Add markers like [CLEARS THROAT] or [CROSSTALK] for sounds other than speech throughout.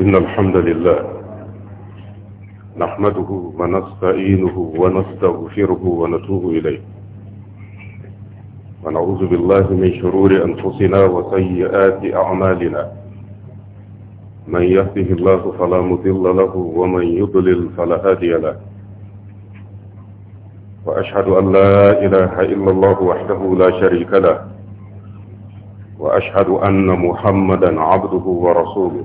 إن الحمد لله نحمده ونستعينه ونستغفره ونتوب إليه ونعوذ بالله من شرور أنفسنا وسيئات أعمالنا من يهده الله فلا مضل له ومن يضلل فلا هادي له وأشهد أن لا إله إلا الله وحده لا شريك له وأشهد أن محمدا عبده ورسوله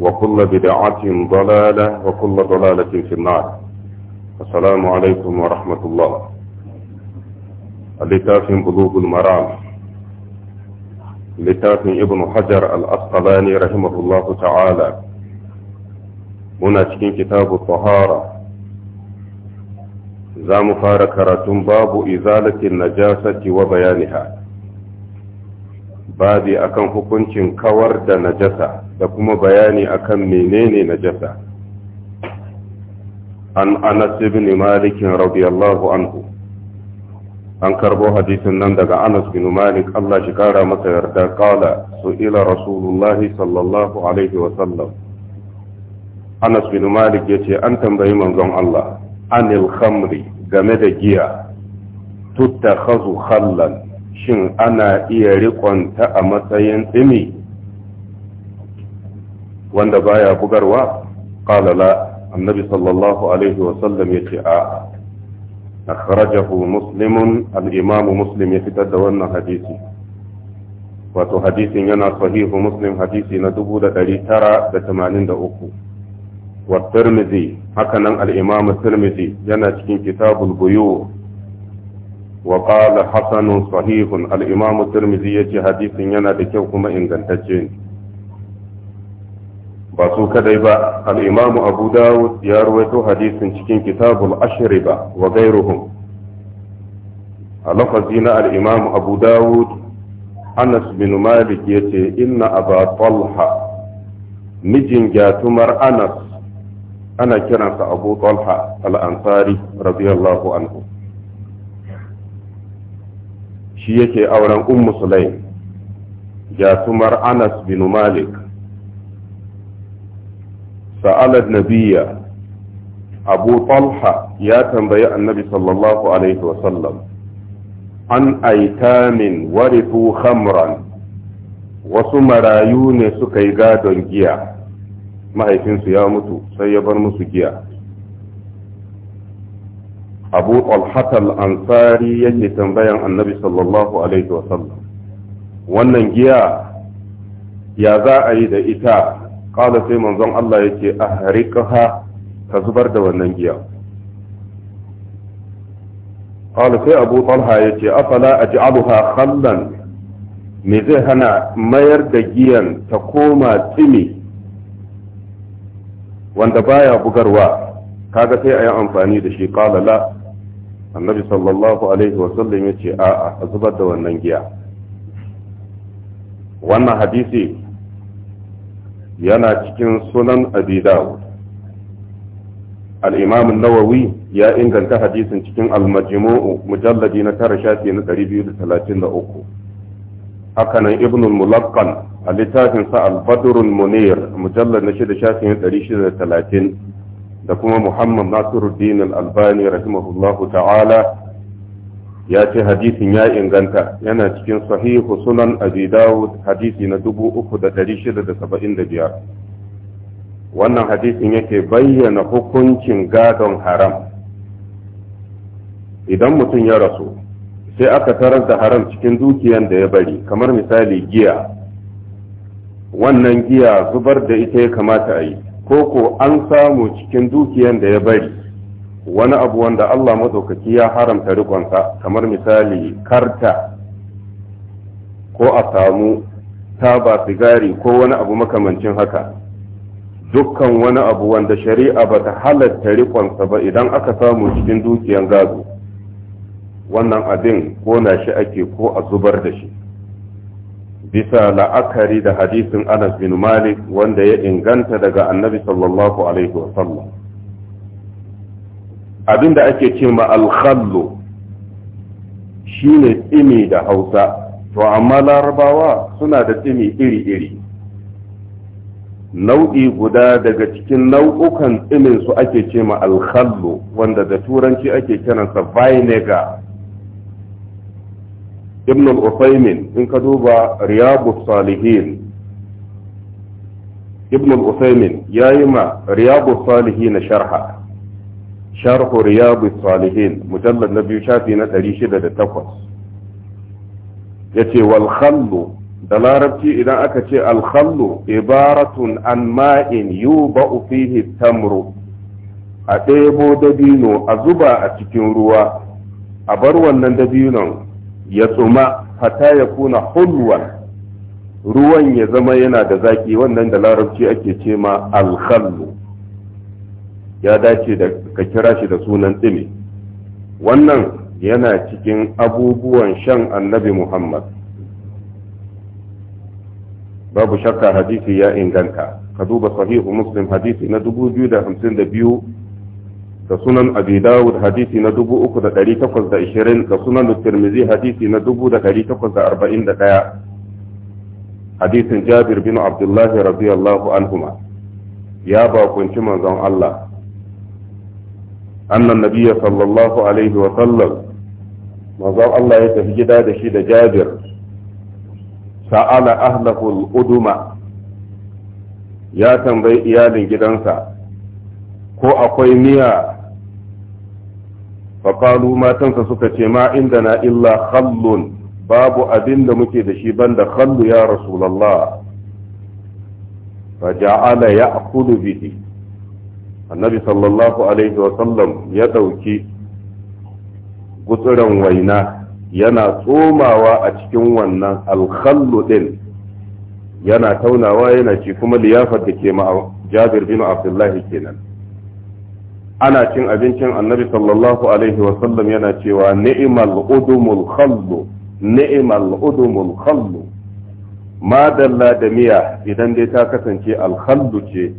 وكل بدعة ضلالة وكل ضلالة في النار السلام عليكم ورحمة الله لتاف بلوغ المرام لتاف ابن حجر الأسقلاني رحمه الله تعالى هنا تكين كتاب الطهارة زام فارك رتم باب إزالة النجاسة وبيانها babi akan hukuncin kawar da najasa da kuma bayani akan menene najasa an anas ibn malik radiyallahu anhu an karbo hadisin nan daga anas bin malik Allah shi kara masa yarda kala su ila rasulullah sallallahu alaihi wa sallam anas bin malik ya ce an tambayi manzon Allah anil khamri game da giya tutta khazu khallan shin ana iya rikonta a matsayin tsimi wanda baya bugarwa ƙalala annabi sallallahu alaihi wasallam ya ce a akhrajahu muslimun al'imamu muslim ya fitar da wannan hadisi wato hadisin yana sahihu muslim hadisi na 1983 والترمذي هكذا الإمام tirmidhi yana cikin kitabul البيوع وقال حسن صحيح الإمام الترمذي يجي حديث ينا لكوكما إن كنتجين باسو كديبا الإمام أبو داود يرويتو حديث شكين كتاب الأشربة وغيرهم لفظين الإمام أبو داود أنس بن مالك يجي إن أبا طلحة مجن جاتمر أنس أنا كرنس أبو طلحة الأنصاري رضي الله عنه shi yake auren ummu sulaim jatumar anas bin malik sa'alar nabiya abu talha ya tambayi annabi sallallahu alaihi wasallam an aitamin warifu khamran wasu marayu ne suka yi gadon giya mahaifinsu ya mutu sai ya bar musu giya abu talhat al-ansari yake tambayan annabi sallallahu alaihi wasallam wannan giya ya za a yi da ita ƙala sai manzon Allah yake a harikaha ka zubar da wannan giya ƙala sai abu talha yake afala a ji'aluha khallan me zai hana mayar da giyan ta koma tsimi wanda baya bugarwa kaga sai a yi amfani da shi ƙala la annabi sallallahu alaihi wasallam ya ce a'a a zubar da wannan giya wannan hadisi yana cikin sunan abi dawud al nawawi ya inganta hadisin cikin al-majmu'u mujalladi na tara shafi na 233 haka nan ibn al-mulaqqan a littafin sa al-badr na da kuma muhammad nasiruddin al-albani rahimahullahu ta'ala ya ce hadisin ya inganta yana cikin sahihu sunan abi dawud hadisi na 3675 wannan hadisin yake bayyana hukuncin gadon haram idan mutum ya rasu sai aka tarar da haram cikin dukiyan da ya bari kamar misali giya wannan giya zubar da ita ya kamata a yi ko an samu cikin dukiyan da ya bari wani abu wanda Allah maɗaukaki ya haramta rikonsa kamar misali karta ko a samu taba sigari ko wani abu makamancin haka dukkan wani abu wanda shari'a ba ta halatta rikonsa ba idan aka samu cikin dukiyan gado wannan abin ko na shi ake ko a zubar da shi bisa la'akari da hadisin Anas bin Malik wanda ya inganta daga annabi sallallahu alaihi wasallam abinda ake ce ma shine tsimi da hausa to amma larabawa suna da tsimi iri-iri nau'i guda daga cikin nau'ukan tsiminsu ake ce ma wanda da turanci ake kiransa vinegar ibn al in ka duba riyadu salihin ibn al-usaymin yayi ma riyadu salihin sharha sharhu riyadu salihin mujallad na biyu shafi na 608 yace wal khallu da larabci idan aka ce al khallu ibaratun an ma'in yuba'u fihi tamru a ɗebo dabino a zuba a cikin ruwa a bar wannan dabinon ya tsuma hata ya kuna hulwan ruwan ya zama yana da zaki wannan da larabci ake ce ma alkhallu ya dace da ka kira shi da sunan tsimi. wannan yana cikin abubuwan shan annabi muhammad babu shakka hadisi ya inganta ka duba sahihu muslim hadisi na 2052 da sunan abi dawud hadisi na 3820 da sunan tirmizi hadisi na 1841 hadisin jabir bin abdullahi radiyallahu anhuma ya bakunci manzon Allah annan nabiyya sallallahu alaihi wa sallam manzon Allah ya tafi gida da shi da jabir sa'ala ahlahul uduma ya tambayi iyalin gidansa ko akwai miya faƙalu matansa suka ce ma inda na illa khallun babu abin da muke da shi banda khallu ya rasulallah fa ja'ala ya'kulu bihi annabi sallallahu alaihi wa sallam ya ɗauki gutsuran waina yana tsomawa a cikin wannan alkhallu din yana taunawa yana ci kuma liyafar da ke ma jabir bin abdullahi kenan ana cin abincin annabi sallallahu alaihi wasallam yana cewa ni'mal udumul khallu ni'mal udumul khallu ma dalla da miya idan dai ta kasance alkhallu ce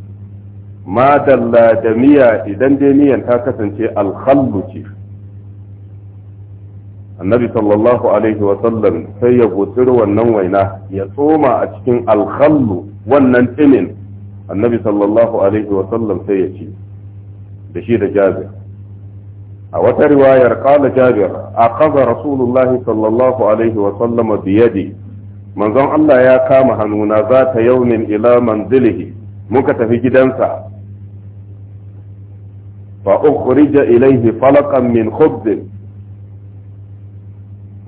ma dalla da miya idan dai miyan ta kasance alkhallu ce annabi sallallahu alaihi wasallam sai ya gutsiri wannan waina ya tsoma a cikin alkhallu wannan tsinin annabi sallallahu alaihi wasallam sai ya ce da shi da jabir a wata riwayar kala jabir a kaza rasulullah sallallahu alaihi wa sallama biyadi manzon Allah ya kama hannuna za ta yaumin ila manzilihi muka tafi gidansa fa ukhrija ilaihi falaqan min khubz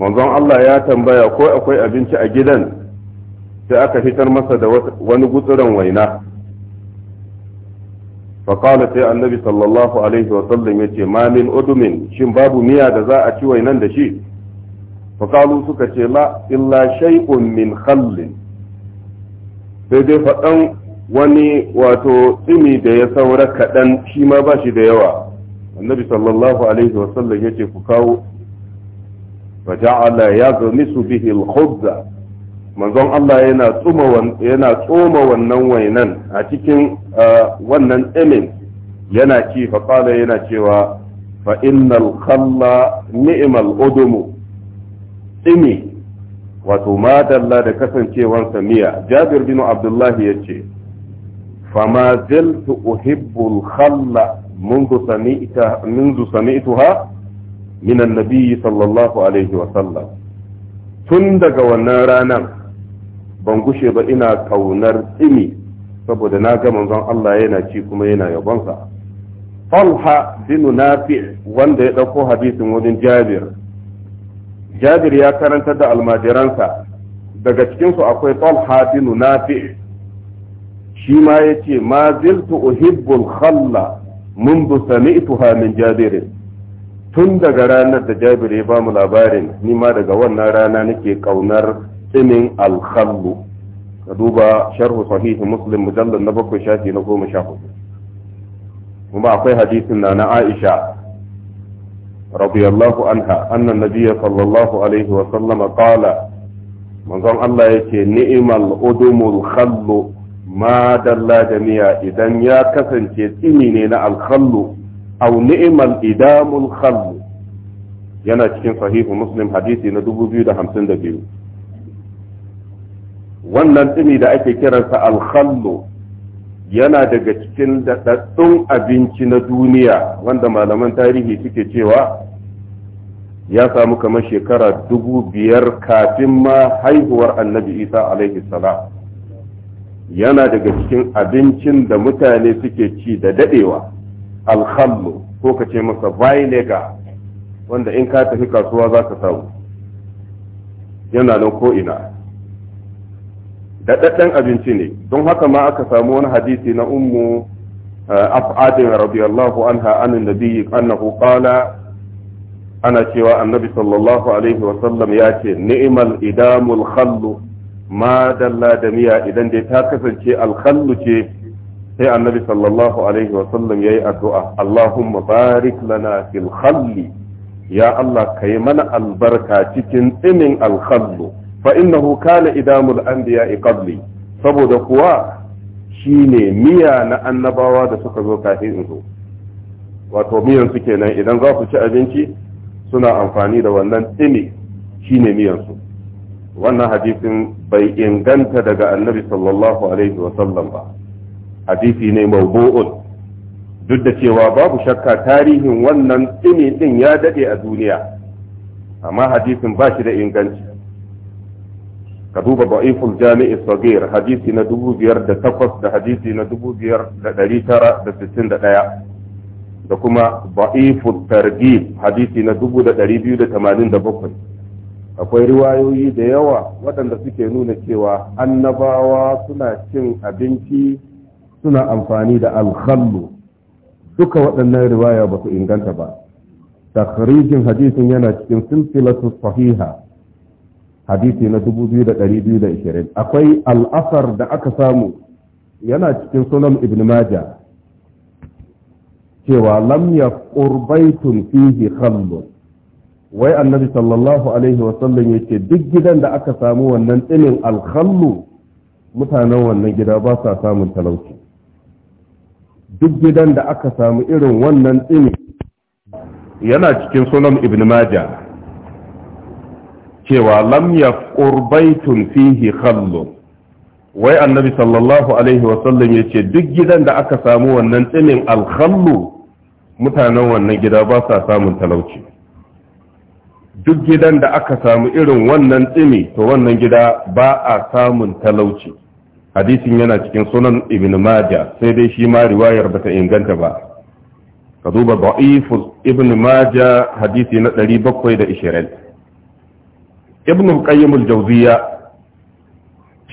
manzon Allah ya tambaya ko akwai abinci a gidan sai aka fitar masa da wani gutsuran waina faƙala sai annabi sallallahu alaihi wasallam ya ce ma udumin shin babu miya da za a ci wainan da shi fakalu suka ce la illa shay'un min khallin sai dai faɗan wani wato tsimi da ya saura kaɗan shi ma ba da yawa annabi sallallahu alaihi wasallam ya ce ku kawo فجعل يغمس به الخبز manzon Allah yana tsoma wannan wainan a cikin uh, wannan emin yana ci fa yana cewa fa innal khalla ni'mal udumu tsimi wato ma dalla da kasancewansa miya jabir bin abdullahi yace fama zaltu uhibbu al-khalla منذ سمعتها من النبي صلى الله عليه وسلم tun daga wannan ranar ban gushe ba ina kaunar tsimi saboda na ga manzon Allah yana ci kuma yana yabonsa Talha bin Nafi wanda ya dauko hadisin wajen Jabir Jabir ya karantar da almajiransa daga cikinsu akwai Talha bin Nafi shi ma ya ma ziltu uhibbul khalla mundu sami'tuha min Jabir tun daga ranar da jabir ya ba mu labarin ni ma daga wannan rana nake kaunar tsimin alkhallu ka duba sharhu sahihi muslim mujallar na bakwai shafi na goma sha hudu kuma akwai hadisin na na aisha radiyallahu anha annan nabiyya sallallahu alaihi wa sallama qala manzon Allah yake ni'mal udumul khallu ma dalla jami'a idan ya kasance tsimi ne na alkhallu aw ni'mal idamul khallu yana cikin sahihu muslim hadisi na 2052 wannan tsimi da ake kiransa alkhallo yana daga cikin daɗaɗɗun abinci na duniya wanda malaman tarihi suke cewa ya samu kamar shekara dubu biyar kafin ma haihuwar annabi isa alaihi salam yana daga cikin abincin da mutane suke ci da daɗewa alkhallo ko ka ce masa vinegar wanda in ka tafi kasuwa za ka samu yana nan ko'ina daɗaɗɗen abinci ne don haka ma aka samu wani hadisi na ummu eh, af'adin radiyallahu anha anin nabiyyi annahu qala ana cewa annabi sallallahu alaihi sallam ya ce ni'mal idamul khallu ma dalla da miya idan dai ta kasance alkhallu ce sai annabi sallallahu alaihi wasallam yayi addu'a Allahumma barik lana fil khalli ya Allah kai mana albarka cikin tsimin alkhallu fa innahu kana idamul anbiya'i qabli saboda kuwa shine miya na annabawa da suka zo kafin in zo wato miyan kenan idan za su ci abinci suna amfani da wannan tsimi shine miyan wannan hadisin bai inganta daga annabi sallallahu alaihi wa sallam ba hadisi ne mawdu'un duk da cewa babu shakka tarihin wannan tsimi din ya dade a duniya amma hadisin ba shi da inganci ka duba da'iful jami'i sagir hadisi na dubu biyar da takwas da hadisi na dubu biyar da tara da da da sittin ɗaya kuma da'iful targhib hadisi na dubu da da da biyu tamanin bakwai. akwai riwayoyi da yawa waɗanda suke nuna cewa annabawa suna cin abinci suna amfani da alkhallu duka waɗannan riwaya ba su inganta ba takrijin hadisin yana cikin silsilatu sahiha hadisi na 2220 akwai al'asar da aka samu yana cikin sunan ibn maja cewa lam yaqur baitun fihi khallun wai annabi sallallahu alaihi wasallam ce duk gidan da aka samu wannan tsinin alkhallu mutanen wannan gida ba sa samun talauci duk gidan da aka samu irin wannan tsinin yana cikin sunan ibn maja cewa lam ya fihi khallu wai annabi sallallahu alaihi wasallam ya ce duk gidan da aka samu wannan tsinin alkhallu mutanen wannan gida ba sa samun talauci duk gidan da aka samu irin wannan tsini to wannan gida ba a samun talauci hadisin yana cikin sunan ibn majah sai dai shi ma riwayar bata inganta ba ka duba da'if ibn majah hadisi na 720 ibn al-qayyim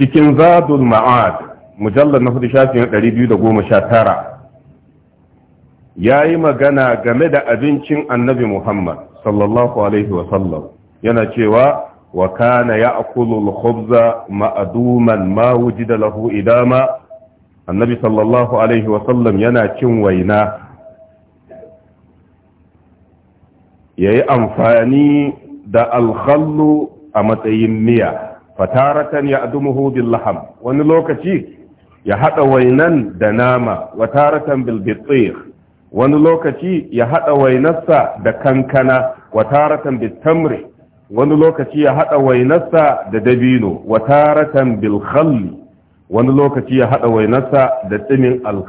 cikin zadul ma'ad mujallar na hudu shafi na ya yi magana game da abincin annabi Muhammad sallallahu alaihi wa sallam yana cewa wa kana ya'kulu al-khubza ma'duman ma wujida lahu idama annabi sallallahu alaihi wa sallam yana cin waina ya yi amfani da alkhallu a matsayin miya fataratan ya adumuhu laham wani lokaci ya haɗa wainan da nama wataratan bil wani lokaci ya haɗa wainarsa da kankana wataratan bil wani lokaci ya haɗa wainarsa da dabino wataratan bil wani lokaci ya haɗa wainarsa da tsimin al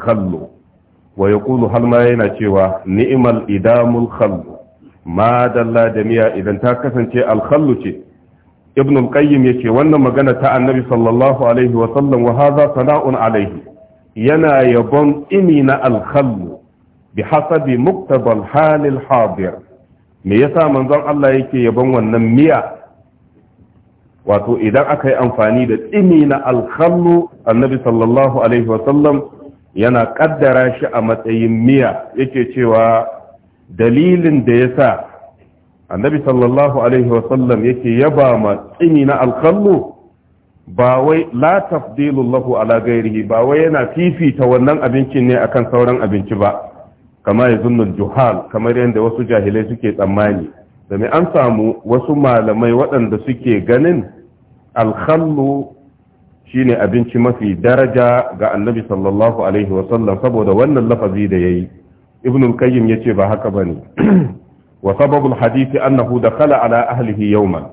wa yaqulu hal ma yana cewa ni'imal idamul khallu ma dalla da miya idan ta kasance al ce ibn al-qayyim yace wannan magana ta annabi sallallahu alaihi wa sallam wa hadha sana'un alaihi yana yabon ini na al-khall bi hasabi muqtada al-hal al-hadir me yasa manzon Allah yake yabon wannan miya wato idan aka yi amfani da tsimi na alkhallu annabi sallallahu alaihi sallam yana kaddara shi a matsayin miya yake cewa dalilin da ya sa annabi sallallahu alaihi wasallam yake yaba ma tsini na alkallu ba wai la tafdilullahu ala gairihi ba wai yana fifita wannan abincin ne akan sauran abinci ba kama ya zunnul juhal kamar yadda wasu jahilai suke tsammani da an samu wasu malamai waɗanda suke ganin alkhallu shine abinci mafi daraja ga annabi sallallahu alaihi wasallam saboda wannan lafazi da yayi ibnul ya yace ba haka ne. [CLEARS THROAT] wa sababul hadisi annahu kala ala ahlihi yawman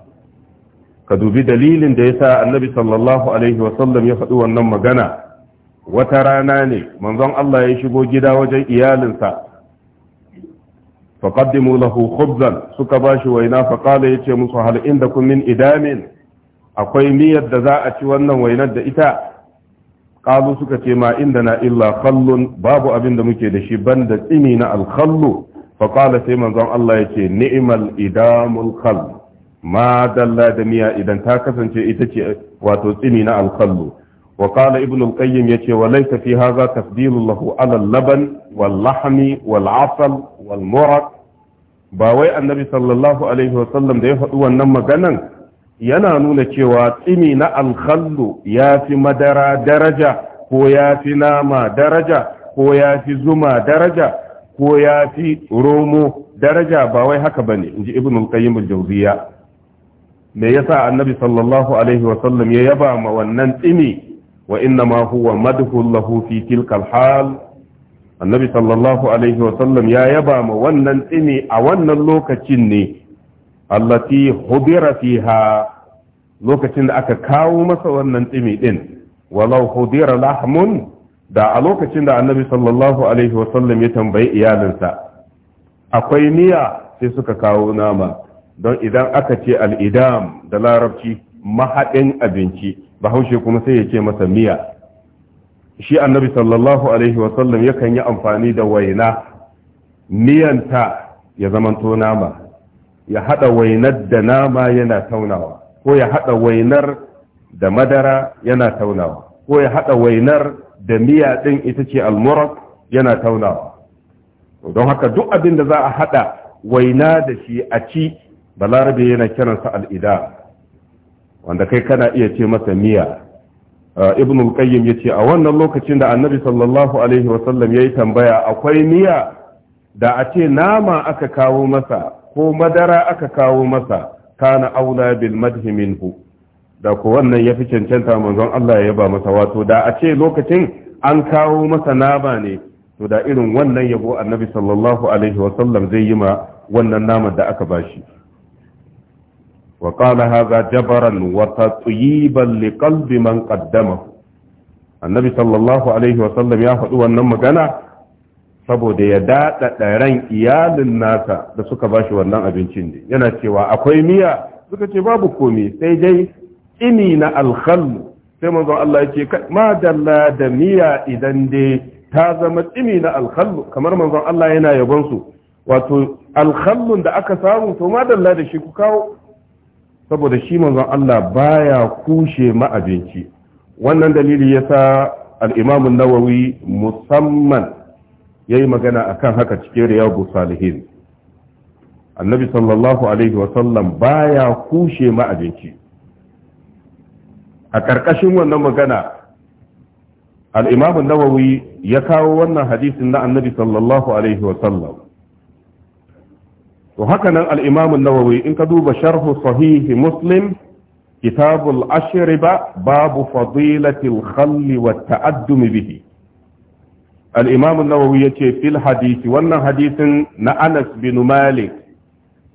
ka dubi dalilin da ya sa annabi sallallahu alaihi wa sallam ya faɗi wannan magana wata rana ne manzon Allah ya shigo gida wajen iyalinsa fa qaddimu lahu khubzan suka bashi waina fa ya ce musu hal indakum min idamin akwai miyar da za a ci wannan wainar da ita kalu suka ce ma inda na illa kallon babu abinda muke da shi banda tsini na alkhallu faƙala sai manzon Allah ya ce ni'imal idamul ma dalla da miya idan ta kasance ita ce wato tsimi na alkallu wa qala ibn al-qayyim yace wa laysa fi hadha tafdilu lahu ala wal lahmi wal asal wal murad ba wai annabi sallallahu alaihi wa sallam da ya faɗi wannan maganan yana nuna cewa tsimi na alkallu ya fi madara daraja ko ya fi nama daraja ko ya fi zuma daraja ko ya fi romo daraja ba wai haka bane ji ibn al-qayyim al-jawziya me yasa annabi sallallahu alaihi wa sallam ya yaba ma wannan tsimi wa inna ma huwa madhul lahu fi tilka al-hal annabi sallallahu alaihi wa sallam ya yaba ma wannan tsimi a wannan lokacin ne allati hudira fiha lokacin da aka kawo masa wannan tsimi din walau hudira lahmun da a lokacin da annabi sallallahu alaihi wasallam ya tambayi iyalinsa akwai niyya sai suka kawo nama don idan aka ce al'idam da larabci mahaɗin abinci bahaushe kuma sai ya ce masa miya shi annabi sallallahu alaihi wasallam yakan yi amfani da waina ta ya zamanto nama ya haɗa wainar da nama yana taunawa ko ya haɗa wainar da madara yana taunawa ko ya haɗa wainar da miya ɗin ita ce almurak yana taunawa don haka duk abin da za a haɗa waina da shi a ci balarabe yana kiransa al'ida wanda kai kana iya ce masa miya uh, ibn al ya yace a wannan lokacin da annabi sallallahu alaihi wasallam yayi tambaya akwai miya da a ce nama aka kawo masa ko madara aka kawo masa kana aula bil madhi minhu da ku wannan ya fi cancanta manzon Allah ya ba masa wato da a ce lokacin an kawo masa nama ne to da irin wannan yabo annabi sallallahu alaihi wasallam zai yi ma wannan naman da aka ba shi. qala hadha jabaran wata tatyiban liqalbi man qaddamahu annabi sallallahu alaihi wasallam ya faɗi wannan magana saboda ya daɗa ran iyalin nasa da suka ba shi wannan abincin ne yana cewa akwai miya suka ce babu komi sai dai ini na alkhallu sai manzon Allah yake ma dalla da miya idan dai ta zama tsimi na alkhallu kamar manzon Allah yana yabon su wato alkhallun da aka samu to ma dalla da shi ku kawo saboda shi manzon Allah baya kushe ma abinci wannan dalili yasa al-Imam nawawi musamman yayi magana akan haka cikin Riyadus Salihin annabi sallallahu alaihi wa sallam baya kushe ma abinci a ƙarƙashin wannan magana al'imamun nawawi ya kawo wannan hadisin na annabi sallallahu alaihi wasallam to haka nan al'imamun nawawi in ka duba sharhu sahihi muslim kitabul ashriba babu fadilatil khalli wa ta'addumi bihi al'imamun nawawi ya ce fil hadisi wannan hadisin na anas bin malik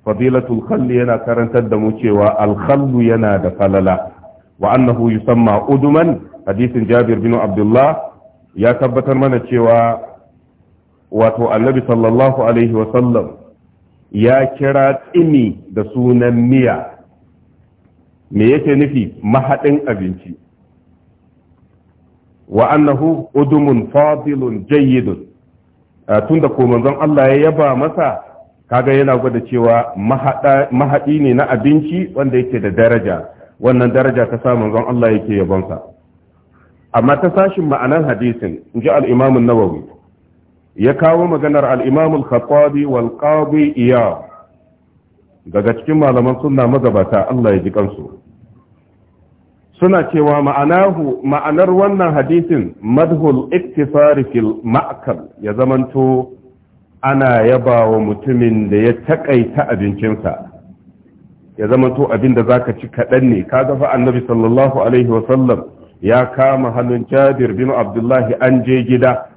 fadilatul khalli yana karantar da mu cewa alkhallu yana da falala wa annahu yusamma uduman hadisin jabir bin abdullah ya tabbatar mana cewa wato annabi sallallahu alaihi wasallam ya kira tsimi da sunan miya me yake nufi mahaɗin abinci wa annahu udumun fadilun jayyidun tunda ko manzon Allah ya yaba masa kaga yana gwada cewa mahaɗi ne na abinci wanda yake da daraja wannan daraja ta sa manzon Allah yake yabonsa amma ta sashin ma'anar hadisin in ji al-Imam nawawi ya kawo maganar al al-Khattabi wal Qadi Iyad daga cikin malaman sunna magabata Allah ya ji kansu suna cewa ma'anahu ma'anar wannan hadisin madhul iktifari fil ma'kal ya zamanto ana yabawa mutumin da ya takaita abincinsa ya zama to abin da zaka ci kaɗan ne ka fa annabi sallallahu alaihi wa sallam ya kama hannun jabir bin abdullahi an je gida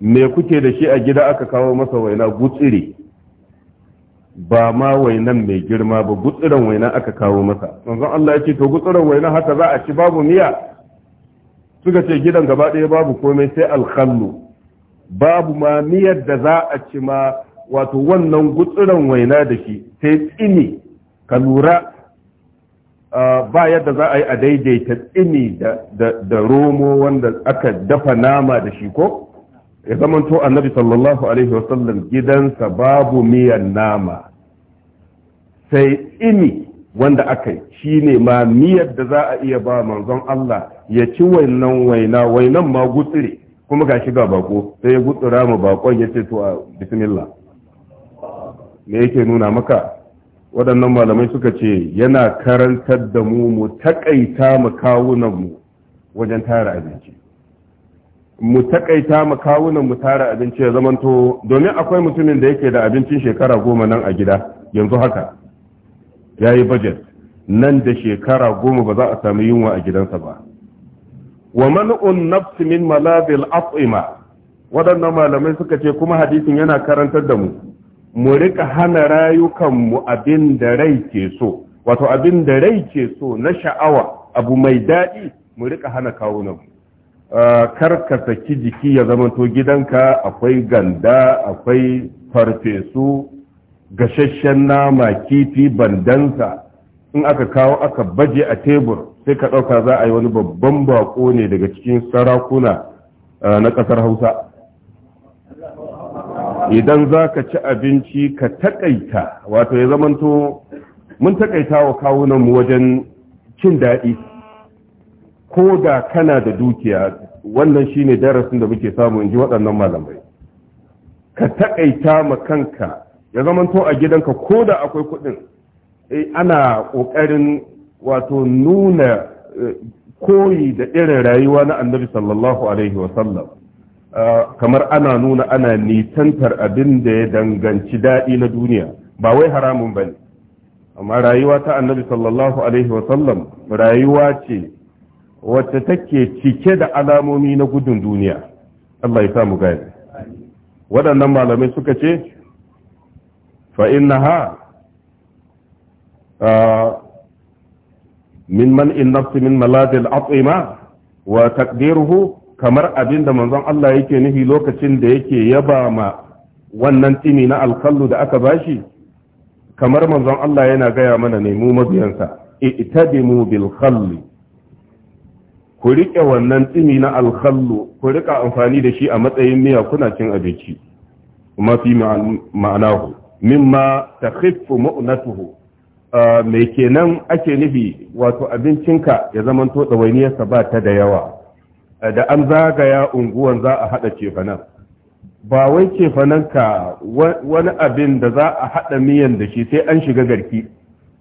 me kuke da shi a gida aka kawo masa waina gutsiri ba ma wainan mai girma ba gutsiran waina aka kawo masa manzon Allah ya ce to gutsiran waina haka za a ci babu miya suka ce gidan gaba ɗaya babu komai sai alkhallu babu ma miyar da za a ci ma wato wannan gutsuran waina da shi sai tsini ka lura ba yadda za a yi a daidaita tsini da romo wanda aka dafa nama da shi ko ya zamanto annabi sallallahu alaihi wasallam gidansa babu miyan nama sai tsini wanda aka yi shi ne ma miyar da za a iya ba manzon Allah ya ci wainan waina wainan ma gutsire kuma ga shiga bako sai ya gutsura ma bakon ya ce to a bismillah me yake nuna maka waɗannan malamai suka ce yana karantar da mu mu taƙaita mu wajen tara abinci mu taƙaita mu tara abinci ya zamanto domin akwai mutumin da yake da abincin shekara goma nan a gida yanzu haka ya yi budget nan da shekara goma ba za a sami yunwa a gidansa ba wa man'un nafsi min malabil af'ima waɗannan malamai suka ce kuma hadisin yana karantar da mu mu rika hana rayukanmu abin da rai ke so wato abin da rai ke so na sha'awa abu mai daɗi mu rika hana kawo kawunanmu uh, kar ka saki jiki ya zamanto gidanka akwai ganda akwai farfesu gashashen nama kifi bandansa in aka kawo aka baje a tebur sai ka ɗauka za a yi wani babban bako ne daga cikin sarakuna uh, na ƙasar hausa idan za ka ci abinci ka takaita wato ya zamanto mun takaita wa kawunanmu wajen cin daɗi ko da kana da dukiya wannan shine darasin da muke samu in ji waɗannan malamai ka takaita ma kanka ya zamanto a gidanka ko da akwai kuɗin eh, ana ƙoƙarin wato nuna eh, koyi da irin rayuwa na annabi sallallahu alaihi wasallam Ah, kamar ana nuna ana nitantar abin da ya danganci daɗi na duniya ba wai haramun ba ne amma rayuwa ta annabi sallallahu alaihi wasallam rayuwa ce wacce take cike da alamomi na gudun duniya Allah ya samu gani waɗannan malamai suka ce فإنها من منع النفس من ملاذ الأطعمة وتقديره kamar abin da manzon Allah yake nufi lokacin da yake yaba ma wannan tini na alkallu da aka bashi kamar manzon Allah yana gaya mana ne mu mabiyansa itadimu bil khalli ku rike wannan tini na alkallu ku rika amfani da shi a matsayin miya kuna cin abinci kuma fi ma'anahu mimma takhiffu mu'natuhu me kenan ake nufi wato abincinka ya zamanto ɗawainiyarsa ba ta da yawa da an zagaya unguwan za a haɗa cefanen ba wai cefanen ka wani abin da za a haɗa miyan da shi sai an shiga garki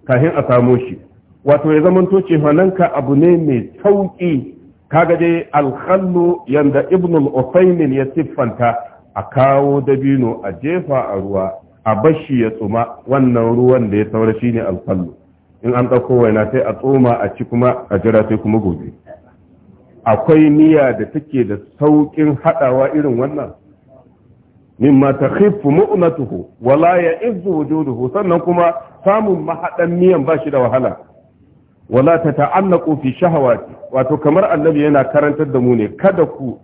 kafin a samo shi wato ya zamanto cefanenka ka abu ne mai sauƙi kaga dai alkhallu yanda ibnul usaimin ya siffanta a kawo dabino a jefa a ruwa a bashi ya tsuma wannan ruwan da ya saura shine alkhallu in an ɗauko waina sai a tsoma a ci kuma a jira sai kuma gobe akwai niyya da take da sauƙin haɗawa irin wannan mimma ta khifu mu'natuhu wala ya izu wujuduhu sannan kuma samun mahaɗan miyan ba shi da wahala wala ta ta'allaku fi shahawati wato kamar annabi yana karantar da mu ne kada ku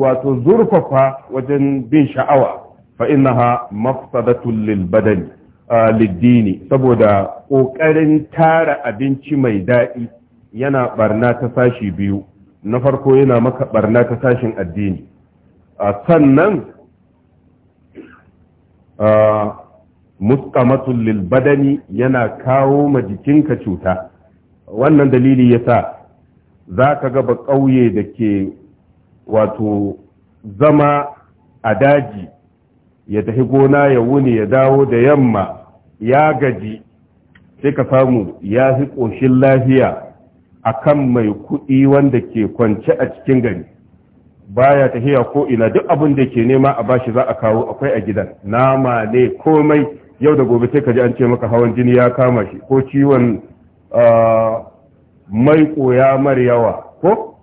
wato zurfafa wajen bin sha'awa fa innaha mafsadatul lil badani liddini saboda ƙoƙarin tara abinci mai daɗi yana barna ta sashi biyu na farko yana maka barna ta tashin addini a sannan mustamatul lil badani yana kawo ma jikinka cuta wannan dalili yasa za ka gaba ƙauye da ke wato zama a daji ya tafi gona ya wuni ya dawo da yamma ya gaji sai ka samu ya fi ƙoshin lafiya akan mai kuɗi wanda ke kwance a cikin gari baya tahiya ko ina duk abin da ke nema a bashi za a kawo akwai a gidan nama ne komai yau da gobe sai ka ji an ce maka hawan jini ya kama shi ko ciwon mai koya mar yawa ko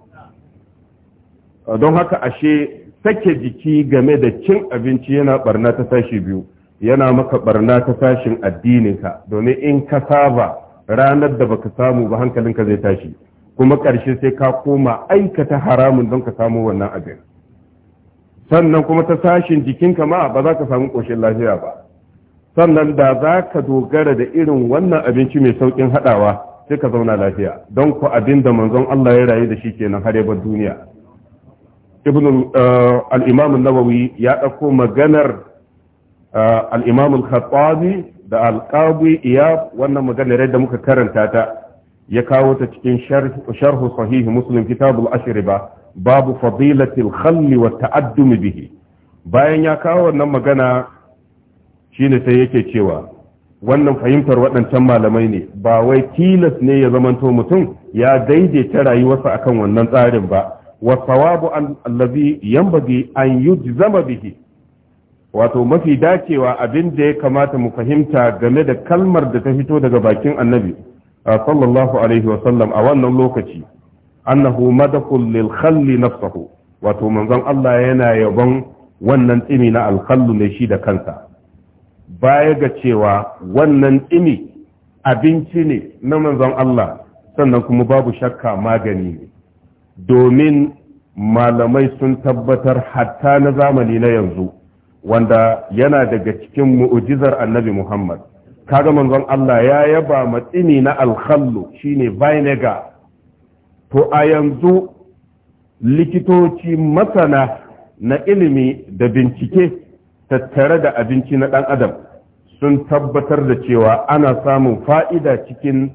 don haka ashe sake jiki game da cin abinci yana barna ta sashi biyu yana maka barna ta sashin addininka domin in ka saba ranar da baka samu ba hankalinka zai tashi kuma ƙarshe sai ka koma aikata haramun don ka samu wannan abin sannan kuma ta sashin jikinka ma ba za ka samu ƙoshin lafiya ba sannan da za ka dogara da irin wannan abinci mai sauƙin haɗawa sai ka zauna lafiya don ku abin da manzon Allah ya rayu da shi kenan har yabar duniya ibn uh, al-imam an-nawawi ya ɗauko maganar uh, al-imam al-khattabi da alƙawi iya wannan maganar da muka karanta ta ya kawo ta cikin sharhu sahihi muslim kitabul ba babu fadilatil khalli wa ta'addumi bihi bayan ya kawo wannan magana shine sai yake cewa wannan fahimtar waɗancan malamai ne ba wai tilas ne ya zamanto mutum ya daidaita rayuwarsa akan wannan tsarin ba wa sawabu allazi yanbaghi an yujzama bihi wato mafi dacewa abin da ya kamata mu fahimta game da kalmar da ta fito daga bakin annabi sallallahu alaihi a wannan lokaci annahu madakul lil khalli nafsahu wato manzon Allah yana yabon wannan tsimi na alkhallu ne shi da kansa baya ga cewa wannan tsimi abinci ne na manzon Allah sannan kuma babu shakka magani ne domin malamai sun tabbatar hatta na zamani na yanzu wanda yana daga cikin mu'ujizar annabi Muhammad kaga manzon Allah ya yaba matsini na alkhallu shine vinegar to a yanzu likitoci masana na ilimi da bincike tattare da abinci na ɗan adam sun tabbatar da cewa ana samun fa'ida cikin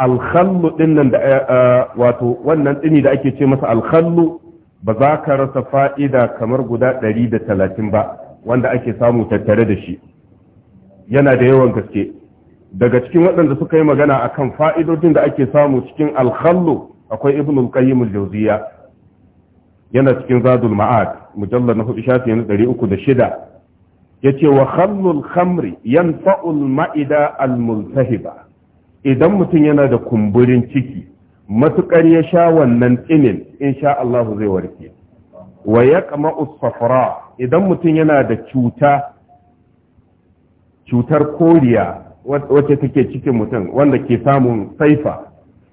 alkhallu ɗinnan da eh, eh, wato wannan ɗini da ake ce masa alkhallu ba za ka rasa fa'ida kamar guda ɗari da talatin ba wanda ake samu tattare da shi yana da yawan gaske daga cikin waɗanda suka yi magana akan fa'idodin da ake samu cikin alkhallu akwai ibn al-qayyim al-jawziya yana cikin zadul ma'ad mujallar na hudu shafi na ɗari uku da shida ya ce wa khallul khamri yanfa'ul ma'ida al-multahiba idan mutum yana da kumburin ciki matuƙar ya sha wannan tsinin insha Allah zai warke wa kama safra idan mutum yana da cuta cutar koriya wacce take cikin mutum wanda ke samun saifa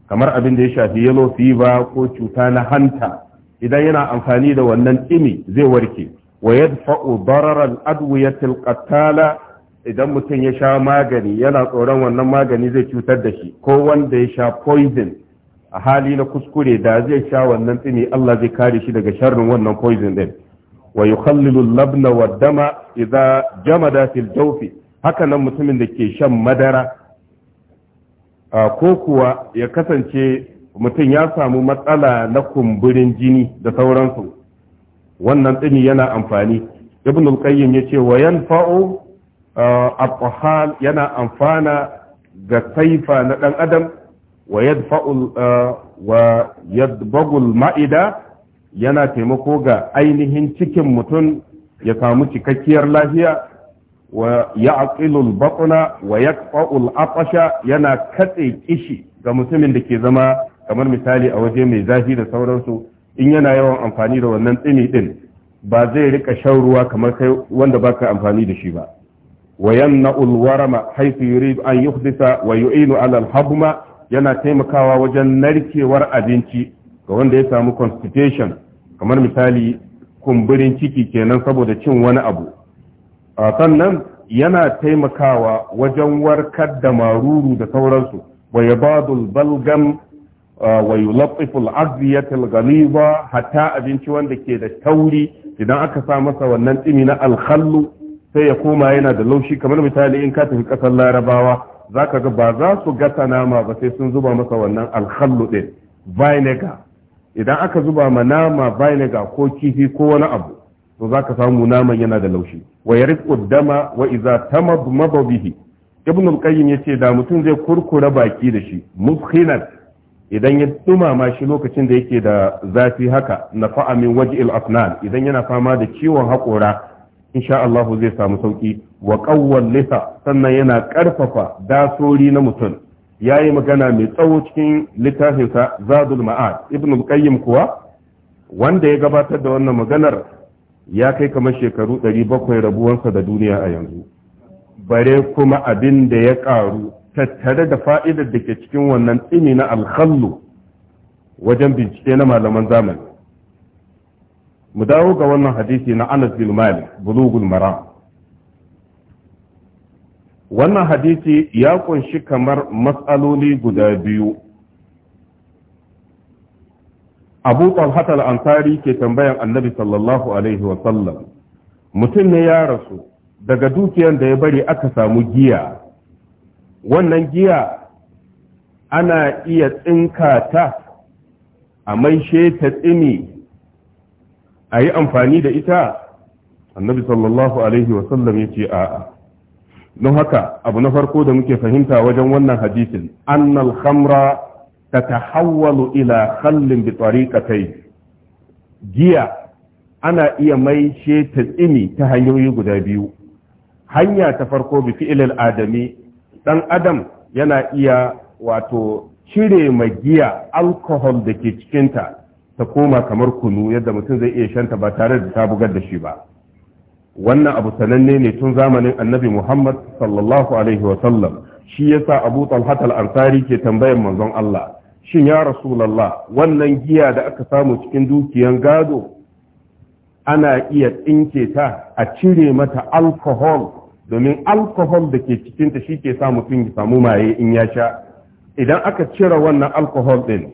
kamar abin da ya shafi yellow fever ko cuta na hanta idan yana amfani da wannan imi zai warke wa yadfa'u dararal adwiyatil qattala idan mutum ya sha magani yana tsoron wannan magani zai cutar da shi ko wanda ya sha poison a hali na kuskure da zai sha wannan tsini Allah zai kare shi daga sharrin wannan poison din wa yukhallilu al-labna wad-dama idza jamada fil jawfi haka nan mutumin da ke shan madara ko kuwa ya kasance mutum ya samu matsala na kumburin jini da sauransu wannan tsini yana amfani ibn al-qayyim yace wa yanfa'u at yana amfana ga saifa na ɗan adam wa yadfa'u wa yadbaghu al-ma'ida yana taimako ga ainihin cikin mutum ya samu cikakkiyar lafiya wa ya'qilul batna wa yaqfa'ul atasha yana katse kishi ga mutumin da ke zama kamar misali a waje mai zafi da sauransu in yana yawan amfani da wannan tsimi din ba zai rika shan ruwa kamar kai wanda baka amfani da shi ba wa yamna'ul warama haythu yurid an yuhdisa wa yu'inu 'ala al-habma yana taimakawa wajen narkewar abinci ga wanda ya samu constipation kamar misali kumburin ciki kenan saboda cin wani abu a sannan yana taimakawa wajen warkar da maruru da sauransu wa yabadul balgam wa yulatiful aziyatil ghaliba hatta abinci wanda ke da tauri idan aka sa masa wannan tsimi na alkhallu sai ya koma yana da laushi kamar misali in ka tafi kasar larabawa zaka ga ba za su gasa nama ba sai sun zuba masa wannan alkhallu din vinegar idan aka zuba ma nama vinegar ko kifi ko wani abu to za ka samu naman yana da laushi wa ya riƙo dama wa iza ta mababihi ibn al ya ce da mutum zai kurkura baki da shi mufhinan idan ya dumama shi lokacin da yake da zafi haka na fa'amin waje al-asnan idan yana fama da ciwon haƙora insha Allah zai samu sauƙi wa qawwal lisa sannan yana ƙarfafa dasori na mutum yayi magana mai tsawo cikin littafinsa zadul ma'ad ibn qayyim kuwa wanda ya gabatar da wannan maganar ya kai kamar shekaru 700 rabuwansa da duniya a yanzu bare kuma abin da ya karu tattare da fa'idar da ke cikin wannan tsini na alkhallu wajen bincike na malaman zamani mu dawo ga wannan hadisi na Anas bin Malik bulugul maram wannan hadisi ya kunshi kamar matsaloli guda biyu abu talhatal ansari ke tambayan annabi sallallahu alaihi wasallam mutum ne ya rasu daga dukiyar da ya bari aka samu giya wannan giya ana iya tsinka ta a maishe ta tsini a yi amfani da ita annabi sallallahu alaihi wasallam ya ce a'a don haka abu na farko da muke fahimta wajen wannan hadisin annal khamra tahawwalu ila khallin bi tariqatayn giya ana iya mai she ta tsini ta hanyoyi guda biyu hanya ta farko bi fi'ilil adami dan adam yana iya wato cire ma giya alcohol da ke cikinta ta koma kamar kunu yadda mutum zai iya shanta ba tare da ta bugar da shi ba wannan abu sananne ne tun zamanin annabi muhammad sallallahu alaihi wasallam shi yasa abu talhat al-ansari ke tambayan manzon allah shin ya rasulallah wannan giya da aka samu cikin dukiyan gado ana iya tsinke ta a cire mata alkohol domin alcohol da ke cikinta shi ke sa mutum ya samu maye in ya sha idan aka cire wannan alkohol din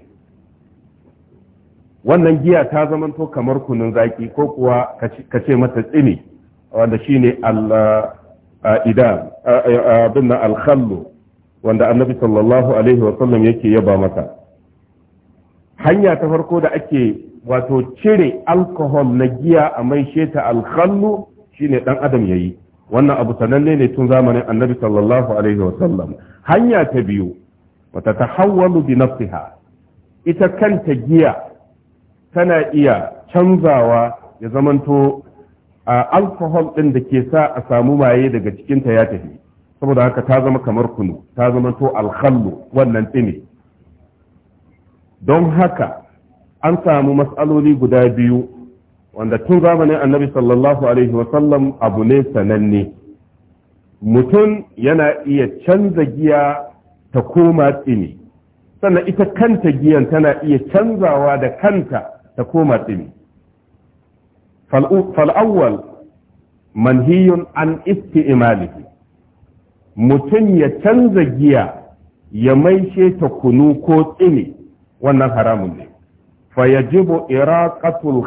wannan giya ta zamanto kamar kunun zaki ko kuwa kace mata tsini wanda shine al-idan abin al-khallu wanda annabi sallallahu alaihi wa sallam yake yaba masa hanya ta farko da ake wato cire alkohol na giya a mai sheta alkhallu shine dan adam yayi wannan abu sananne ne tun zamanin annabi sallallahu alaihi wa sallam hanya ta biyu wata tahawwalu bi nafsiha ita kanta giya tana iya canzawa ya zamanto alkohol ɗin da ke sa a samu maye daga cikinta ya tafi saboda haka ta zama kamar kunu ta zama to alkhallo wannan tsini don haka an samu matsaloli guda biyu wanda tun zamanin annabi sallallahu alaihi wasallam abu ne sananne mutum yana iya canza giya ta koma tsini sannan ita kanta giyan tana iya canzawa da kanta ta koma tsini fal'awwal manhiyun an isti'imalihi mutum ya canza giya ya maishe ta kunu ko tsini wannan haramun ne fayajibu iraqatul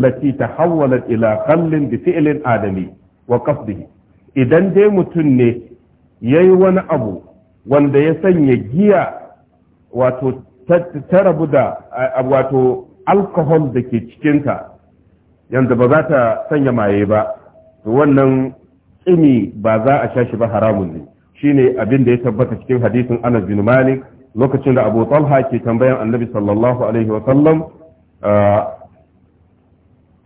Lati ta tahawwalat ila kallin da fi'lin adami wa qasdihi idan dai mutum ne yayi wani abu wanda ya sanya giya wato ta rabu da wato alcohol da ke cikinta Yanzu ba za ta sanya maye ba to wannan tsini ba za a sha shi ba haramun ne shine abin da ya tabbata cikin hadisin Anas bin Malik lokacin da Abu Talha ke tambayan Annabi sallallahu alaihi wa sallam ah,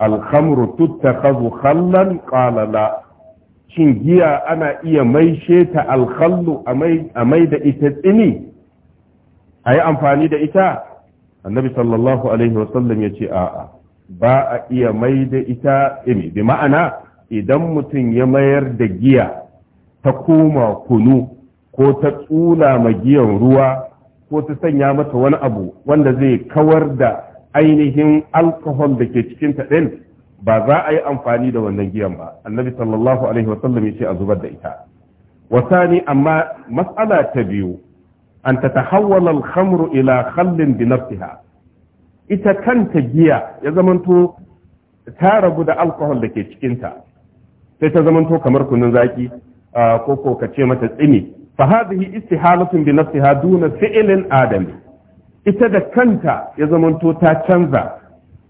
al-khamru tuttakhadhu khallan qala la shin giya ana iya maishe ta al-khallu a mai da ita tsini yi amfani da ita Annabi sallallahu alaihi wa sallam ya ce a'a ba a iya mai da ita imi bi ma'ana idan mutum ya mayar da giya ta koma kunu ko ta tsula ma giyan ruwa ko ta sanya mata wani abu wanda zai kawar da ainihin alkohol da ke cikin ta ɗin ba za a yi amfani da wannan giyan ba annabi sallallahu alaihi wasallam ya ce a zubar da ita wasani amma mas'ala ta biyu an ta khamru ila khallin bi nafsiha ita kanta giya ya zamanto ta rabu da alkohol da ke cikinta sai ta zamanto kamar kunun zaki ko ko ka ce mata tsini fa hadhihi istihalatun bi nafsiha duna fi'lin adami ita da kanta ya zamanto ta canza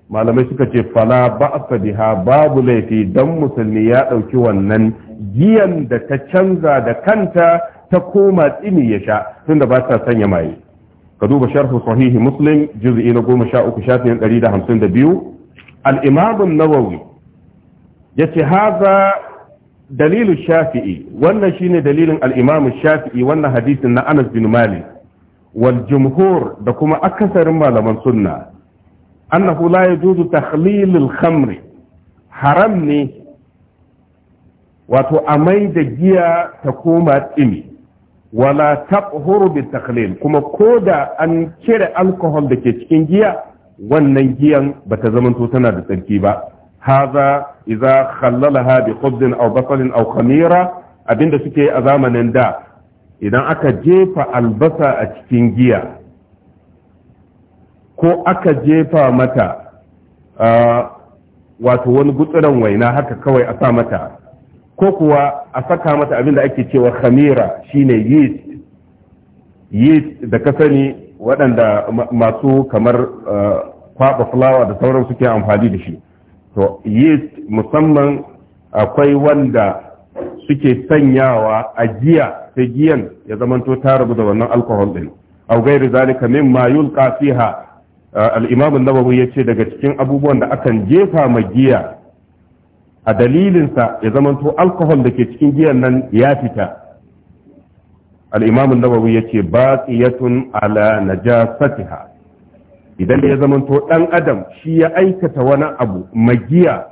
malamai suka ce fala ba'sa biha babu laifi dan musulmi ya dauki wannan giyan da ta canza da kanta ta koma tsini ya sha tunda ba ta sanya maye ka duba sharhu sahihi muslim juz'i na goma sha uku shafin ɗari da hamsin da biyu al'imamun nawawi ya ce haza dalilu shafi'i wannan shine dalilin al'imamun shafi'i wannan hadisin na anas bin malik wal jumhur da kuma akasarin malaman sunna annahu la yajuzu takhlilul khamri haram ne wato amai da giya ta koma tsimi wala taqhuru bi taqlil kuma da an cire alcohol da ke cikin giya wannan giyan bata zamanto tana da tsarki ba haza iza khallalaha bi khubdin aw basalin aw khamira abinda suke a zamanin da idan aka jefa albasa a cikin giya ko aka jefa mata ah, wato wani gutsuran waina haka kawai a sa mata ko kuwa a saka mata abin da ake cewa khamira shine yeast yeast da ka sani waɗanda masu kamar eh, kwaɓa fulawa da sauran suke amfani da shi to yeast musamman akwai wanda suke sanyawa a giya ta giyan ya zamanto ta rabu da wannan alkohol din au gairi zalika mimma yulqa fiha eh, al-imam an-nawawi yace daga cikin abubuwan da akan jefa ma giya a dalilinsa ya zamanto alkohol da ke cikin giyan nan ya fita al'imamun nawawi ya ce baƙiyatun ala najasatiha idan ya zamanto ɗan adam shi ya aikata wani abu magiya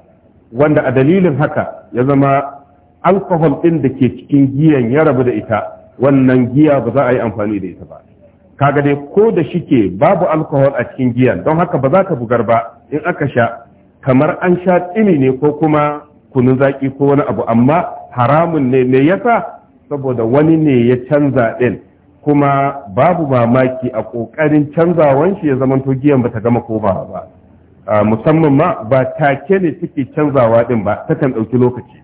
wanda a dalilin haka ya zama alkohol ɗin da ke cikin giyan ya rabu da ita wannan giya ba za a yi amfani da ita ba kaga dai ko da shike babu alkohol a cikin giyan don haka ba za ka bugar ba in aka sha kamar an sha tsini ne ko kuma kunun zaki ko wani abu amma haramun ne me yasa saboda wani ne ya canza din kuma babu mamaki a ƙoƙarin canzawan shi ya zamanto giyan ba ta gama ko ba ba musamman ma ba take ne take canzawa din ba takan ɗauki lokaci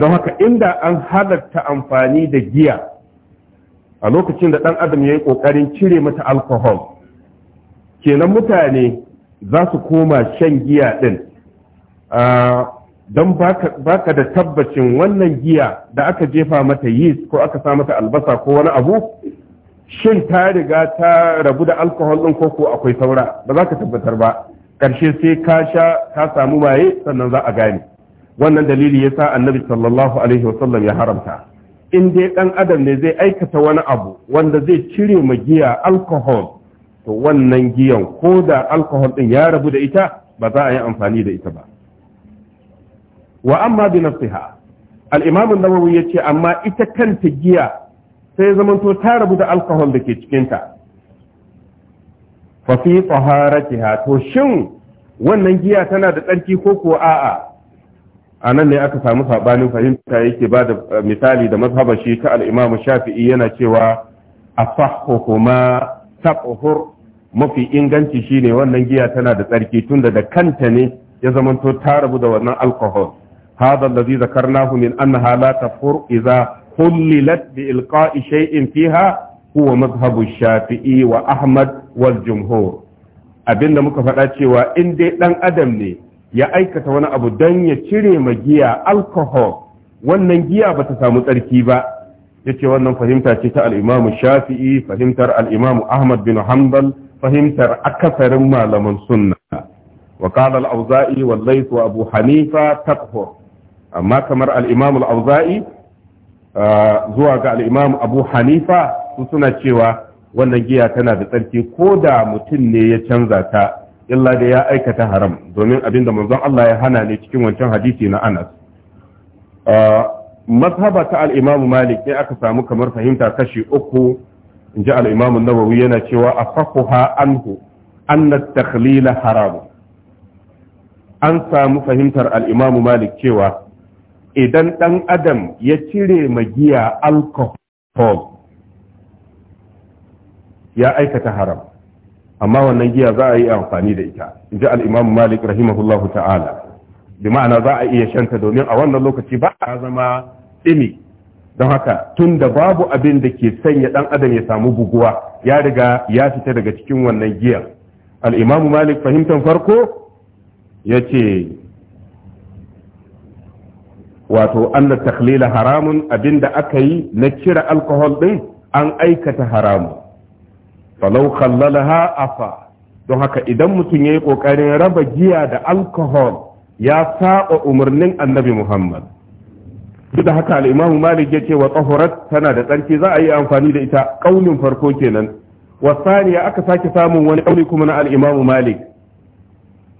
don haka inda an halarta amfani da giya a lokacin da ɗan adam ya yi ƙoƙarin cire mata alkohol kenan mutane za su koma shan giya ɗin don baka da tabbacin wannan giya da aka jefa mata yeast ko aka sa mata albasa ko wani abu shin ta riga ta rabu da alkohol ɗin ko ko akwai saura ba za ka tabbatar ba ƙarshe sai ka sha ka samu maye sannan za a gane wannan dalili ya sa annabi sallallahu alaihi wasallam ya haramta in dai ɗan adam ne zai aikata wani abu wanda zai cire ma giya alkohol to wannan giyan ko da alkohol din ya rabu da ita ba za a yi amfani da ita ba wa amma bi nafsiha al-imam an-nawawi yace amma ita kanta giya sai zamanto ta rabu da alkohol da ke cikin ta fa fi taharatiha to shin wannan giya tana da tsarki ko ko a'a a nan ne aka samu saɓanin fahimta yake ba da eh, misali da mazhabar shi ta al'imamin shafi'i yana cewa asahhu kuma taqhur mafi inganci shine wannan giya tana da tsarki tunda da kanta ne ya zamanto ta rabu da wannan alcohol هذا الذي ذكرناه من أنها لا تفر إذا خللت بإلقاء شيء فيها هو مذهب الشافعي وأحمد والجمهور abin da muka faɗa cewa in dai ɗan adam ne ya aikata wani abu don ya cire ma giya alkohol wannan giya ba ta samu tsarki ba yace wannan fahimta ce ta Al'imamu Shafi'i fahimtar Al'imamu Ahmad bin Hanbal fahimtar akasarin malaman sunna wa qala al-Auza'i wal Layth Abu Hanifa takhur amma kamar al-Imam al-Auza'i zuwa ga al-Imam Abu Hanifa su suna cewa wannan giya tana da tsarki ko da mutum ne ya canza ta illa da ya aikata haram domin abinda manzon Allah ya hana ne cikin wancan hadisi na Anas mazhaba ta Al'imamu Malik sai aka samu kamar fahimta kashi uku inji al-Imam nawawi yana cewa ha anhu anna at haram an samu fahimtar Al'imamu Malik cewa idan ɗan adam ya cire magiya alcohol ya aikata haram amma wannan giya za a yi amfani da ita inji Al'imamu imam Malik rahimahullahu ta'ala bi ma'ana za a iya shanta domin a wannan lokaci ba a zama ɗimi don haka tun da babu abin da ke sanya ɗan adam ya samu buguwa ya riga ya fita daga cikin wannan giyan al'imamu malik fahimtar farko ya ce wato anna takhlila haramun abin da aka yi na cire alkohol ɗin an aikata haramu falau khallalaha afa don haka idan mutum ya yi ƙoƙarin raba giya da alkohol ya saba umarnin annabi muhammad duk da haka alimamu malik ya ce wa tahurat tana da tsarki za a yi amfani da ita ƙaunin farko kenan wa aka sake samun wani ƙauni kuma na alimamu malik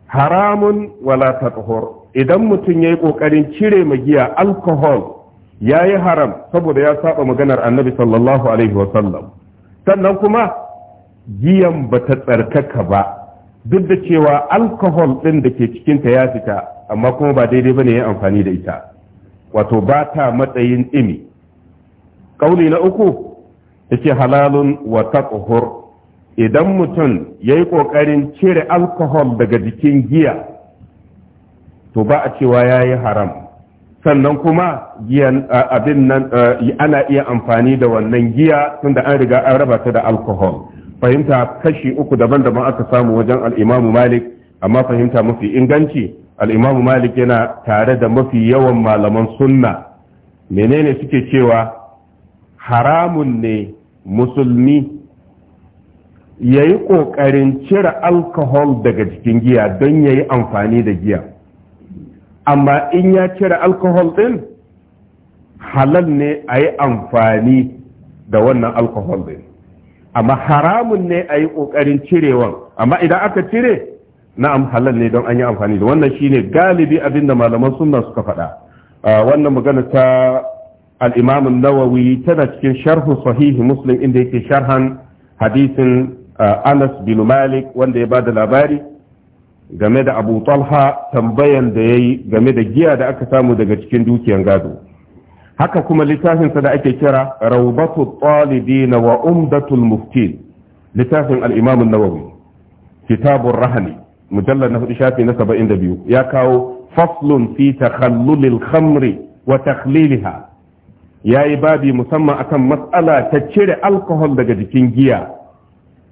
haramun wala tatahur idan mutum yayi ƙoƙarin cire magiya alcohol yayi haram saboda ya saba maganar annabi sallallahu alaihi sannan kuma giyan bata tsarkaka ba duk da cewa alcohol ɗin da ke cikinta ya fita amma kuma ba daidai bane ya amfani da ita wato ba ta matsayin ɗimi ƙauli na uku yake halalun wa taqhur idan mutum ya yi ƙoƙarin cire alkohol daga jikin giya to ba a cewa ya yi haram sannan kuma abin nan ana iya amfani da wannan giya tunda an riga an raba ta da alkohol fahimta kashi uku daban-daban aka samu wajen al'imamu malik amma fahimta mafi inganci al'imamu malik yana tare da mafi yawan malaman sunna menene suke cewa haramun ne musulmi ya yi ƙoƙarin cire alkohol daga jikin giya don ya yi amfani da giya amma in ya cire alkohol ɗin halal ne a yi amfani da wannan alkohol ɗin amma haramun ne a yi ƙoƙarin cirewan amma idan aka cire na'am halal ne don an yi amfani da wannan shine galibi abin da malaman sunna suka faɗa ah, wannan magana ta al-imam an-nawawi tana cikin sharhu sahih muslim inda yake sharhan hadisin ah, Anas bin Malik wanda ya bada labari game da Abu Talha tambayan da yayi game da giya da aka samu daga cikin dukiyan gado haka kuma littafinsa da ake kira Rawbatu Talibin wa Umdatul Muftin littafin al-Imam an-Nawawi kitabur rahani mujallar na hudu shafi na saba'in da biyu ya kawo faslun fi takhallulil khamri wa takliliha. ya yi babi musamman akan matsala ta cire alkohol daga jikin giya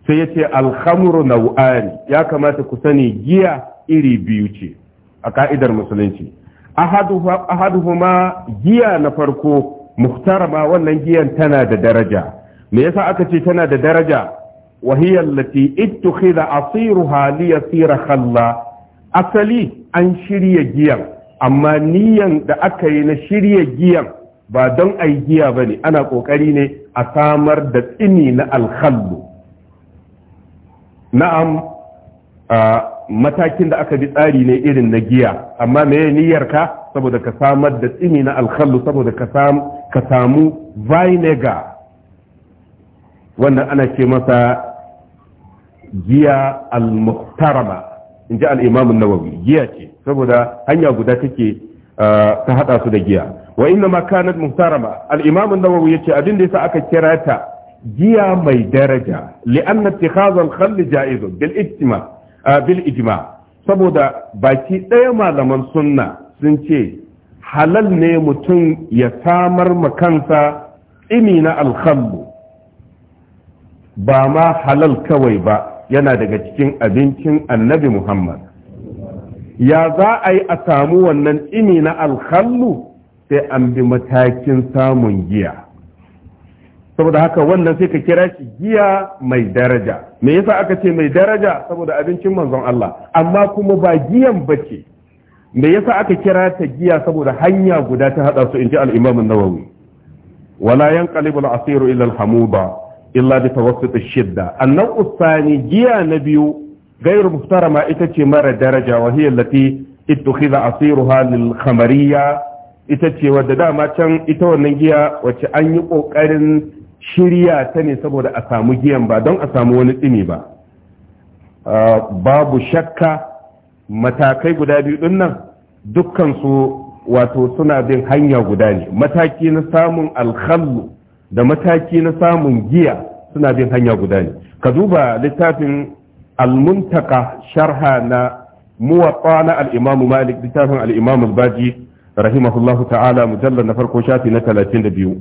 sai ya ce alhamru nau'ari. ya kamata ku sani giya iri biyu ce a ka'idar musulunci ahaduhuma giya na farko muhtarama wannan giyan tana da daraja me yasa aka ce tana da daraja وهي التي اتخذ أصيرها ليصير خلا أصلي أن شري جيا أما نيا دا أكاين شري جيا بعدن أي جيا بني أنا قوكريني أسامر دتني إني الخل نعم matakin da aka bi tsari ne irin na giya amma me niyyar ka saboda ka samar da tsini na alkhallu saboda ka samu vinegar wannan ana ce masa giya al-muhtarama in ji al-imam an-nawawi giya ce saboda hanya guda take uh, ta hada su da giya wa inna ma kanat muhtarama al-imam an-nawawi yace abin da yasa aka kira ta giya mai daraja li'anna ittikhaz al-khall ja'iz bil ijtima uh, bil ijma saboda baki daya malaman sunna sun ce halal ne mutum ya samar ma kansa imi na alkhallu ba ma halal kawai ba yana daga cikin abincin annabi Muhammad ya za a yi a samu wannan ini na alhallu sai an bi matakin samun giya saboda haka wannan sai ka kira shi giya mai daraja me yasa aka ce mai daraja saboda abincin manzon Allah amma kuma ba giyan bace me yasa aka kira ta giya saboda hanya guda ta hada su in al-Imam an-Nawawi wala yanqalibu al-asiru ilal al-hamuda illa bi tawassut shidda annan usani giya na biyu gairu muftarama ita ce mara daraja wa hiya allati ittukhiza asiruha lil khamariya ita ce wadda dama can ita wannan giya wacce an yi kokarin shirya ta ne saboda a samu giyan ba don a samu wani tsimi ba ah, babu shakka matakai guda biyu din nan dukkan su wato suna bin hanya guda ne mataki na samun alkhallu da mataki na samun giya suna bin hanya guda ne ka duba littafin almuntaka sharha na muwatta na al'imamu malik littafin al'imamu baji rahimahullahu ta'ala mujallar na farko shafi na talatin da biyu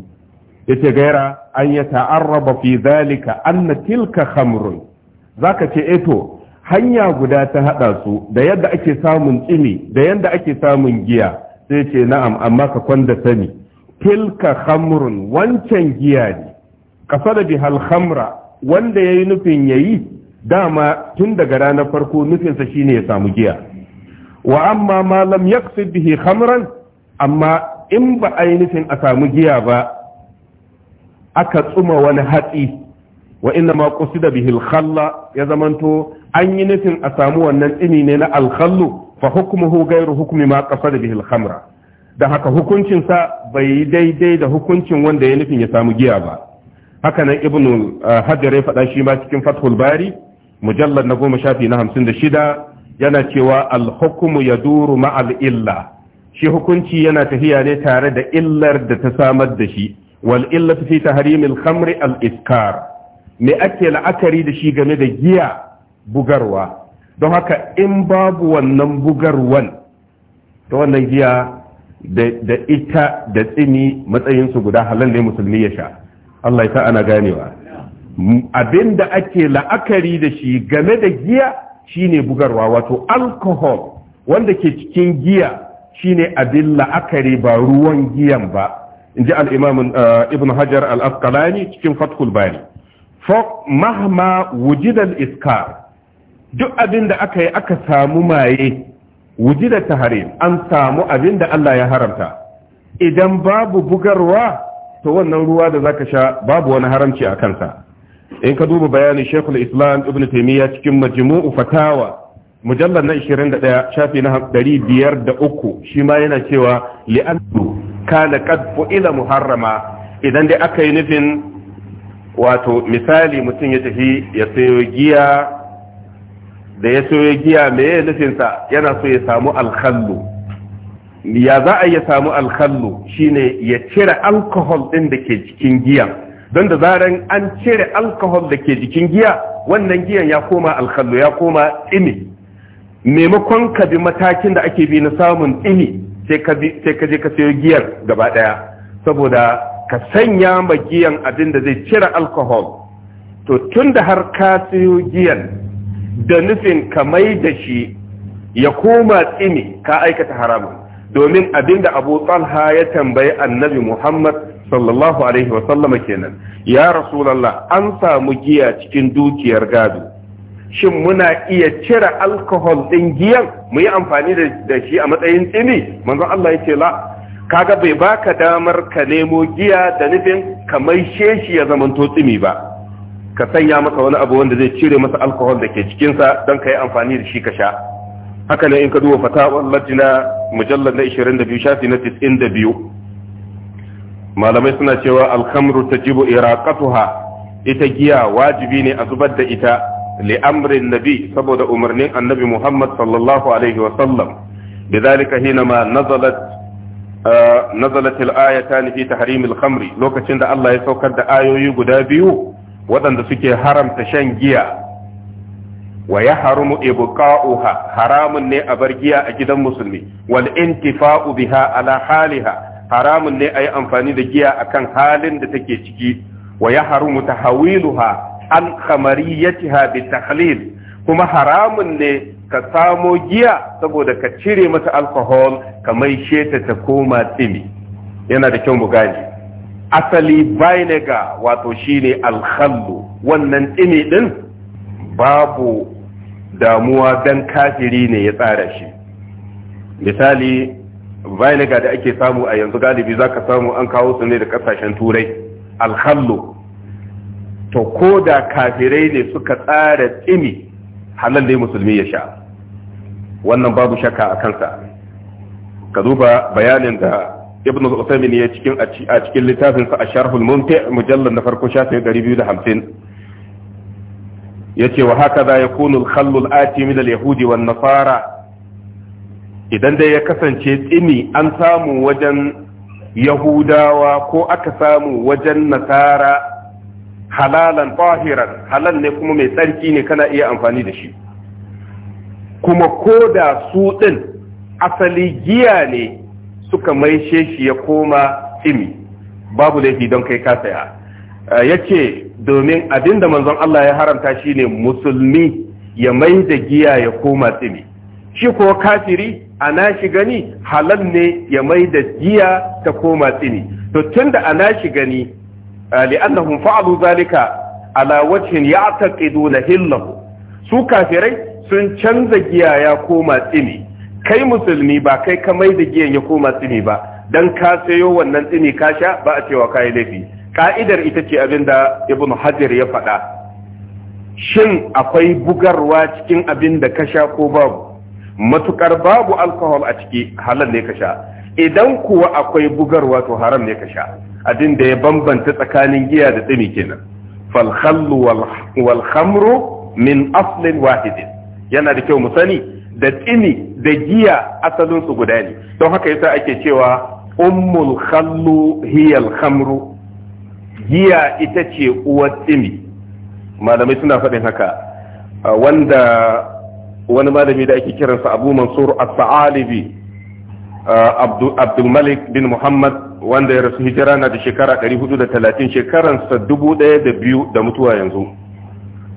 yace gaira an ya ta'arraba fi zalika anna tilka khamrun zaka ce eto eh hanya guda ta haɗa su da yadda ake samun tsimi da yadda ake samun giya sai ce na'am amma ka kwanda sani tilka khamrun wancan giya ne da bihal khamra wanda yayi nufin yayi dama tun daga ranar farko nufinsa shine ya samu giya wa amma ma lam yaqsid bihi khamran amma in ba a yi nufin a samu giya ba aka tsuma wani hatsi wa inna ma da bihi khalla ya zamanto an yi nufin a samu wannan tsini ne na al fa hukmuhu ghayru hukumi ma qasada da bihil khamra da haka hukuncinsa bai yi daidai da hukuncin wanda ya nufin ya samu giya ba haka nan ibn eh, hajar ya faɗa shi ma cikin fathul bari mujallar na goma shafi na hamsin da shida yana cewa alhukumu ya duru ma'al illa shi hukunci yana tafiya ne tare da illar da ta samar da shi wal illa fi tahrimil khamri al iskar me ake la'akari da shi game da giya bugarwa don haka in babu wannan bugarwan to wannan giya da ita da tsini matsayinsu guda halal ne musulmi ya sha Allah ya sa ana ganewa abin da ake la'akari da shi game da giya shine bugarwa wato alcohol wanda ke cikin giya shine abin la'akari ba ruwan giyan ba in ji al'imam uh, ibn hajar al-asqalani cikin fathul bari fok mahma wujidal iskar duk abin da aka yi aka samu maye da taharim an samu abin da Allah ya haramta idan babu bugarwa to wannan ruwa da zaka sha babu wani haramci a kansa in ka duba bayanin Sheikhul Islam Ibn taimiyya cikin Majmu'u Fatawa mujallar na 21 shafi na 503 shi ma yana cewa li'annu kana qad fu'ila muharrama idan dai aka yi nufin wato misali mutum ya tafi ya sayo giya da ya soye giya me ya sa yana so ya samu alkhallu ya za a ya samu alkhallu shine ya cire alkohol din da ke jikin giya don da zaran an cire alkohol da ke jikin giya wannan giyan ya koma alkhallu ya koma tsimi maimakon ka bi matakin da ake bi na samun ɗini sai ka je ka sayo giyar gaba daya saboda ka sanya ma giyan abin da zai cire alkohol to tun da har ka sayo giyan da nufin ka mai da shi ya koma tsini ka aikata haramun domin abinda abu talha ya tambayi annabi muhammad sallallahu alaihi sallama kenan ya rasulallah an samu giya cikin dukiyar gado shin muna iya cire alkohol din giyan mu yi amfani da shi a matsayin tsini manzo Allah ya ce la kaga bai baka damar ka nemo giya da nufin ka kamar sheshi ya zamanto tsimi ba ka sanya masa wani abu wanda zai cire masa alkohol da ke cikinsa don ka yi amfani da shi ka sha haka ne in ka duba fatawar lajina mujallar na 22 shafi na 92 malamai suna cewa alhamru ta jibo iraqatuha ita giya wajibi ne a zubar da ita li'amrin nabi saboda umarnin annabi muhammad sallallahu alaihi wasallam بذلك حينما نزلت nazalat uh, al-ayatan fi tahrim al khamri lokacin da Allah ya saukar da ayoyi guda biyu waɗanda suke haramta shan giya wa ya harumu ibqa'uha haramun ne a bar giya a gidan musulmi wal intifa'u biha ala haliha haramun ne a yi amfani da giya akan halin da take ciki wa ya harumu tahawiluha an khamariyatiha bi tahlil kuma haramun ne ka samo giya saboda ka cire mata alcohol ka mai sheta ta koma tsimi yana da kyau mu gane asali vinegar wato shine alkhallu wannan tsini din babu damuwa dan kafiri ne ya tsara shi misali vinegar da ake samu a yanzu galibi zaka samu an kawo su ne da kasashen turai alkhallu to ko da kafirai ne suka tsara tsimi halal ne musulmi ya sha wannan babu shakka a kansa ka duba bayanin da ibn Uthaymeen ya cikin a cikin littafin sa Asharhul Mumti' mujallal na farko shafin 250 yace wa haka za ya khallu al-ati min al-yahudi wan nasara idan dai ya kasance tsimi an samu wajen yahudawa ko aka samu wajen nasara halalan tahiran halal ne kuma mai tsarki ne kana iya amfani da shi kuma ko da su ɗin asali giya ne suka maishe shi ya koma tsimi babu laifi don kai ka saya eh, ya ce domin abinda manzon Allah ya haramta shine musulmi ya mai da giya ya koma tsimi shi ko kafiri ana shi gani halal ne ya mai da giya ta koma tsini to tunda ana shi gani eh, li'annahum fa'alu zalika ala wajhin ya'taqidu hillahu su kafirai sun canza giya ya koma tsini kai musulmi ba kai ka mai da giyan ya koma tsini ba dan ka sayo wannan tsini ka sha ba a cewa kai laifi ka'idar ita ce abin da ibnu hajar ya faɗa shin akwai bugarwa cikin abin da ka sha ko babu matukar babu alkohol a ciki halal ne ka sha idan kuwa akwai bugarwa to haram ne ka sha abin da ya bambanta tsakanin giya da tsini kenan fal khallu wal khamru min aslin wahidin yana da kyau mu sani da tsini da giya asalinsu guda ne don haka yasa ake cewa ummul khallu hiyal khamru giya ita ce uwar tsini malamai suna faɗin haka wanda wani malami da ake kiransa abu mansur as-sa'alibi abdul malik bin muhammad wanda ya rasu hijira na da shekara 430 shekaransa 1002 da mutuwa yanzu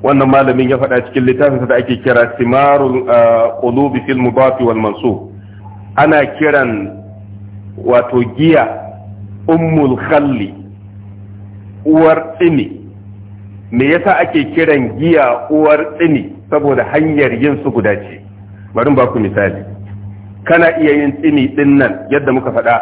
wannan malamin ya faɗa cikin littafinsa da ake kira simarul uh, qulubi fil mudafi wal mansub ana kiran wato giya ummul khalli uwar tsini me yasa ake kiran giya uwar tsini saboda hanyar yin su guda ce bari ba ku misali kana iya yin tsini din nan yadda muka faɗa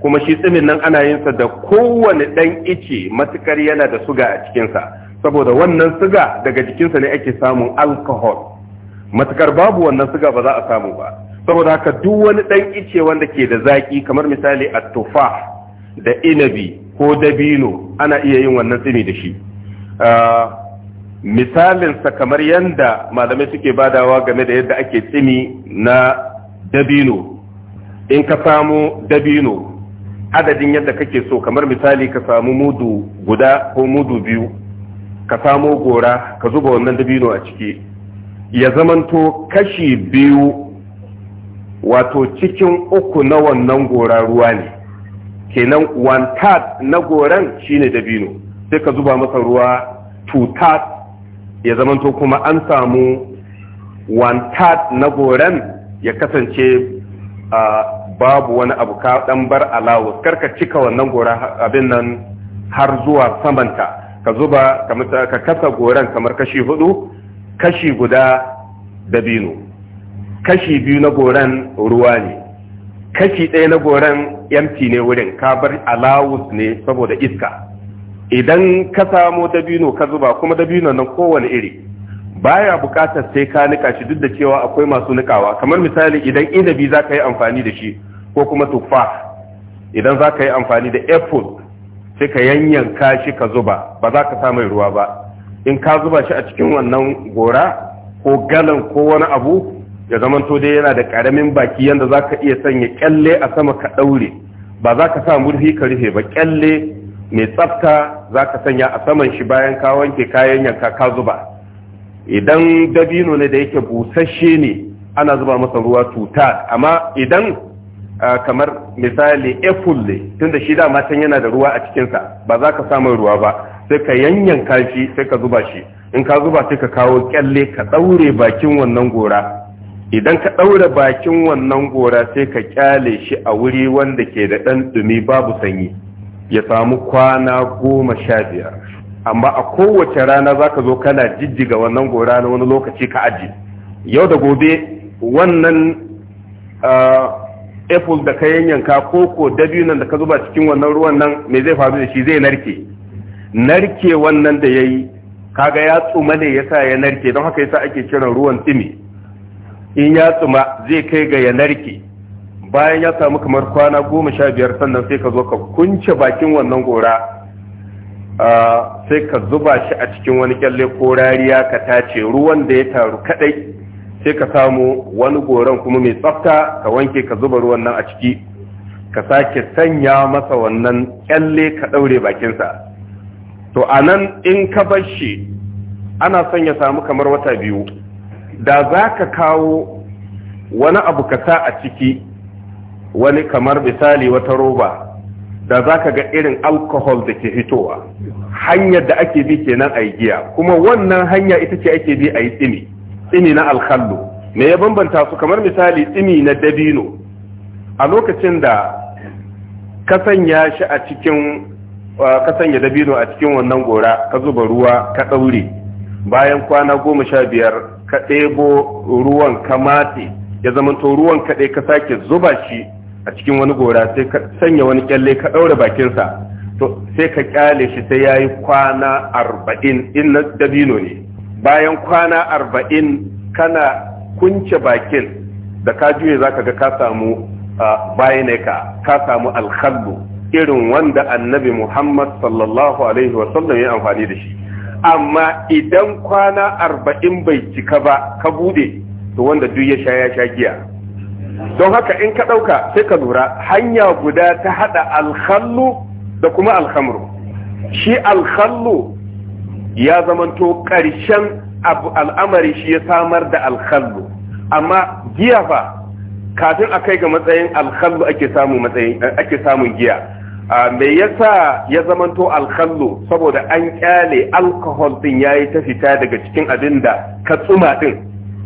kuma shi tsinin nan ana yin sa da kowane ɗan ice matukar yana da suga a cikinsa saboda wannan suga, daga jikinsa ne ake samun alkohol, matukar babu wannan suga ba za a samu ba saboda haka duk wani dan ice wanda ke da zaki kamar misali a tufa da inabi ko dabino ana iya yin wannan tsimi da shi ah, misalinsa kamar yadda malamai suke badawa game da yadda ake tsimi na dabino in ka samu dabino adadin yadda kake so kamar misali ka samu mudu guda ko mudu biyu ka samo gora ka zuba wannan dabino a ciki ya zamanto kashi biyu wato cikin uku na wannan gora ruwa ne kenan one third na goran shine dabino sai ka zuba masa ruwa two third ya zamanto kuma an samu one third na goran ya kasance babu wani abu ka dan bar alawus karka cika wannan gora abin nan har zuwa samanta ka zuba ka kasa goran kamar kashi hudu kashi guda dabino kashi biyu na goran ruwa ne kashi ɗaya na goran yamci ne wurin ka bar alawus ne saboda iska idan ka samo dabino ka zuba kuma dabino nan kowane iri baya bukatar sai ka nika shi duk da cewa akwai masu nikawa kamar misali idan inabi za ka yi amfani da shi ko kuma tufaf idan za ka yi amfani da apple sai ka yanyanka shi ka zuba ba za ka sa mai ruwa ba in ka zuba shi a cikin wannan gora ko galan ko wani abu ya zamanto dai yana da karamin baki yanda za ka iya sanya kyalle a sama ka ɗaure ba za ka sa murfi ka rufe ba kyalle mai tsafta za ka sanya a saman shi bayan ka wanke kayan yanka ka zuba idan dabino ne da yake busasshe ne ana zuba masa ruwa tuta amma idan kamar misali efulle tunda shi dama matan yana da ruwa a cikinsa ba za ka samu ruwa ba sai ka yanyan shi sai ka zuba shi in ka zuba sai ka kawo kyalle ka ɗaure bakin wannan gora idan ka ɗaure bakin wannan gora sai ka kyale shi a wuri wanda ke da ɗan ɗumi babu sanyi ya samu kwana goma sha biyar amma a kowace rana za ka zo kana jijjiga wannan gora na wani lokaci ka aji yau da gobe wannan apple da ka yanka, ko ko dabinan da ka zuba cikin wannan ruwan nan me zai faru da shi zai narke narke wannan da yayi kaga ya tsuma ne yasa ya narke don haka yasa ake kiran ruwan tsimi in ya tsuma zai kai ga ya narke bayan ya samu kamar kwana goma sha biyar sannan sai ka zo ka kunce bakin wannan gora sai ka zuba shi a cikin wani kyalle ko rariya ka tace ruwan da ya taru kadai sai ka samu wani goron kuma mai tsafta ka wanke ka zuba ruwan nan a ciki ka sake sanya masa wannan kyalle ka daure bakinsa to a nan in ka bar shi ana son ya samu kamar wata biyu da za ka kawo wani abu ka sa a ciki wani kamar misali wata roba da za ka ga irin alcohol da ke fitowa hanyar da ake bi kenan a yi giya kuma wannan hanya ita ce ake bi a yi tsini tsini na me ya bambanta su kamar misali tsini na dabino a lokacin da ka sanya shi a cikin ka sanya dabino a cikin wannan gora ka zuba ruwa ka ɗaure bayan kwana goma sha biyar ka ɗebo ruwan ka matse ya zama to ruwan kaɗai ka sake zuba shi a cikin wani gora sai ka sanya wani kyalle ka ɗaure bakinsa to sai ka kyale shi sai ya yi kwana arba'in in na dabino ne bayan kwana arba'in kana kunce bakin da ka juye za ka ga ka samu bayanaka ka samu alkhallu irin wanda annabi muhammad sallallahu alaihi wasallam ya amfani da shi amma idan kwana arba'in bai cika ba ka bude to wanda duk ya sha ya sha giya don haka in ka ɗauka sai ka lura hanya guda ta haɗa alkhallu da kuma alhamru shi alkhallu ya zamanto ƙarshen al'amari shi ya samar da alkhallu amma giya fa kafin a kai ga matsayin alkhallu ake samun matsayin ake samun giya me yasa ya zamanto alkhallu saboda an kyale alcohol din yayi ta fita daga cikin abin da ka tsuma din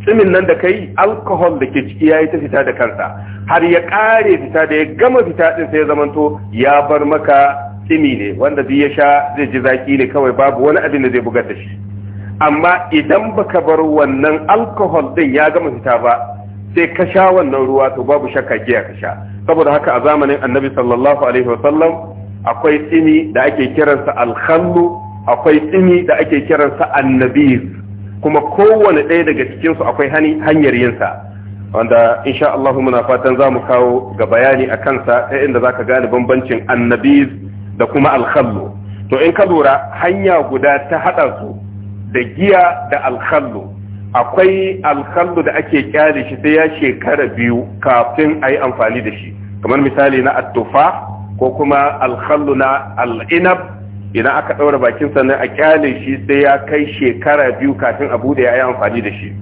tsimin nan da kai alcohol da ke ciki yayi ta fita da kansa har ya kare fita da ya gama fita din sai ya zamanto ya bar maka tsimi ne wanda duk ya sha zai ji zaki ne kawai babu wani abin da zai bugar da shi amma idan baka bar wannan alcohol din ya gama fita ba sai ka sha wannan ruwa to babu shakka giya ka sha saboda haka a zamanin annabi sallallahu alaihi wasallam akwai tsini da ake kiransa alkhallu akwai tsini da ake kiransa annabiz kuma kowane ɗaya daga cikinsu akwai hanyar yinsa wanda insha Allah muna fatan za mu kawo ga bayani a kansa ta inda za ka gane bambancin annabiz da kuma alkhallu to in ka lura hanya guda ta haɗa su da giya da alkhallu akwai alkhallu da ake kyale shi sai ya shekara biyu kafin a yi amfani da shi kamar misali na attufa ko kuma alkhallu na al'inab idan aka ɗaura bakin sannan a kyale shi sai ya kai shekara biyu kafin a bude ya yi amfani da shi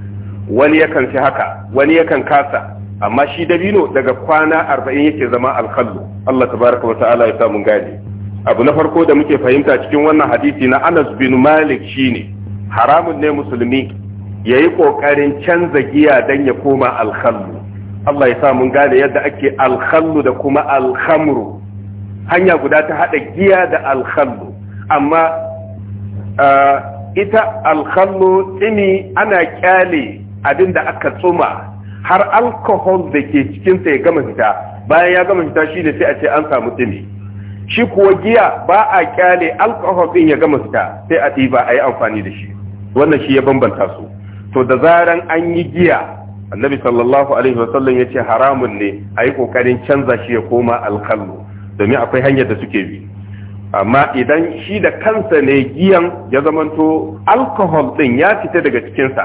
wani yakan fi haka wani yakan kasa amma shi dabino daga kwana arba'in yake zama alkhallu Allah tabaraka wa ta'ala ya samu gane abu na farko da muke fahimta cikin wannan hadisi na Anas bin Malik shine haramun ne musulmi yayi kokarin canza giya dan ya koma alkhallu Allah ya sa mun gane yadda ake alkhallu da kuma alkhamru hanya guda ta hada giya da alkhallu amma ita alkhallu tsini ana kyale abin da aka tsuma har alkohol da ke cikinsa ya gama fita bayan ya gama fita shine sai a ce an samu tsini shi kuwa giya ba a kyale alkohol ɗin ya gama fita sai a ba a yi amfani da shi wannan shi ya bambanta su to da zaran an yi giya annabi sallallahu alaihi sallam ya ce haramun ne a yi ƙoƙarin canza shi ya koma alkallo domin akwai hanyar da suke bi amma idan shi da kansa ne giyan ya zamanto alkohol ɗin ya fita daga cikinsa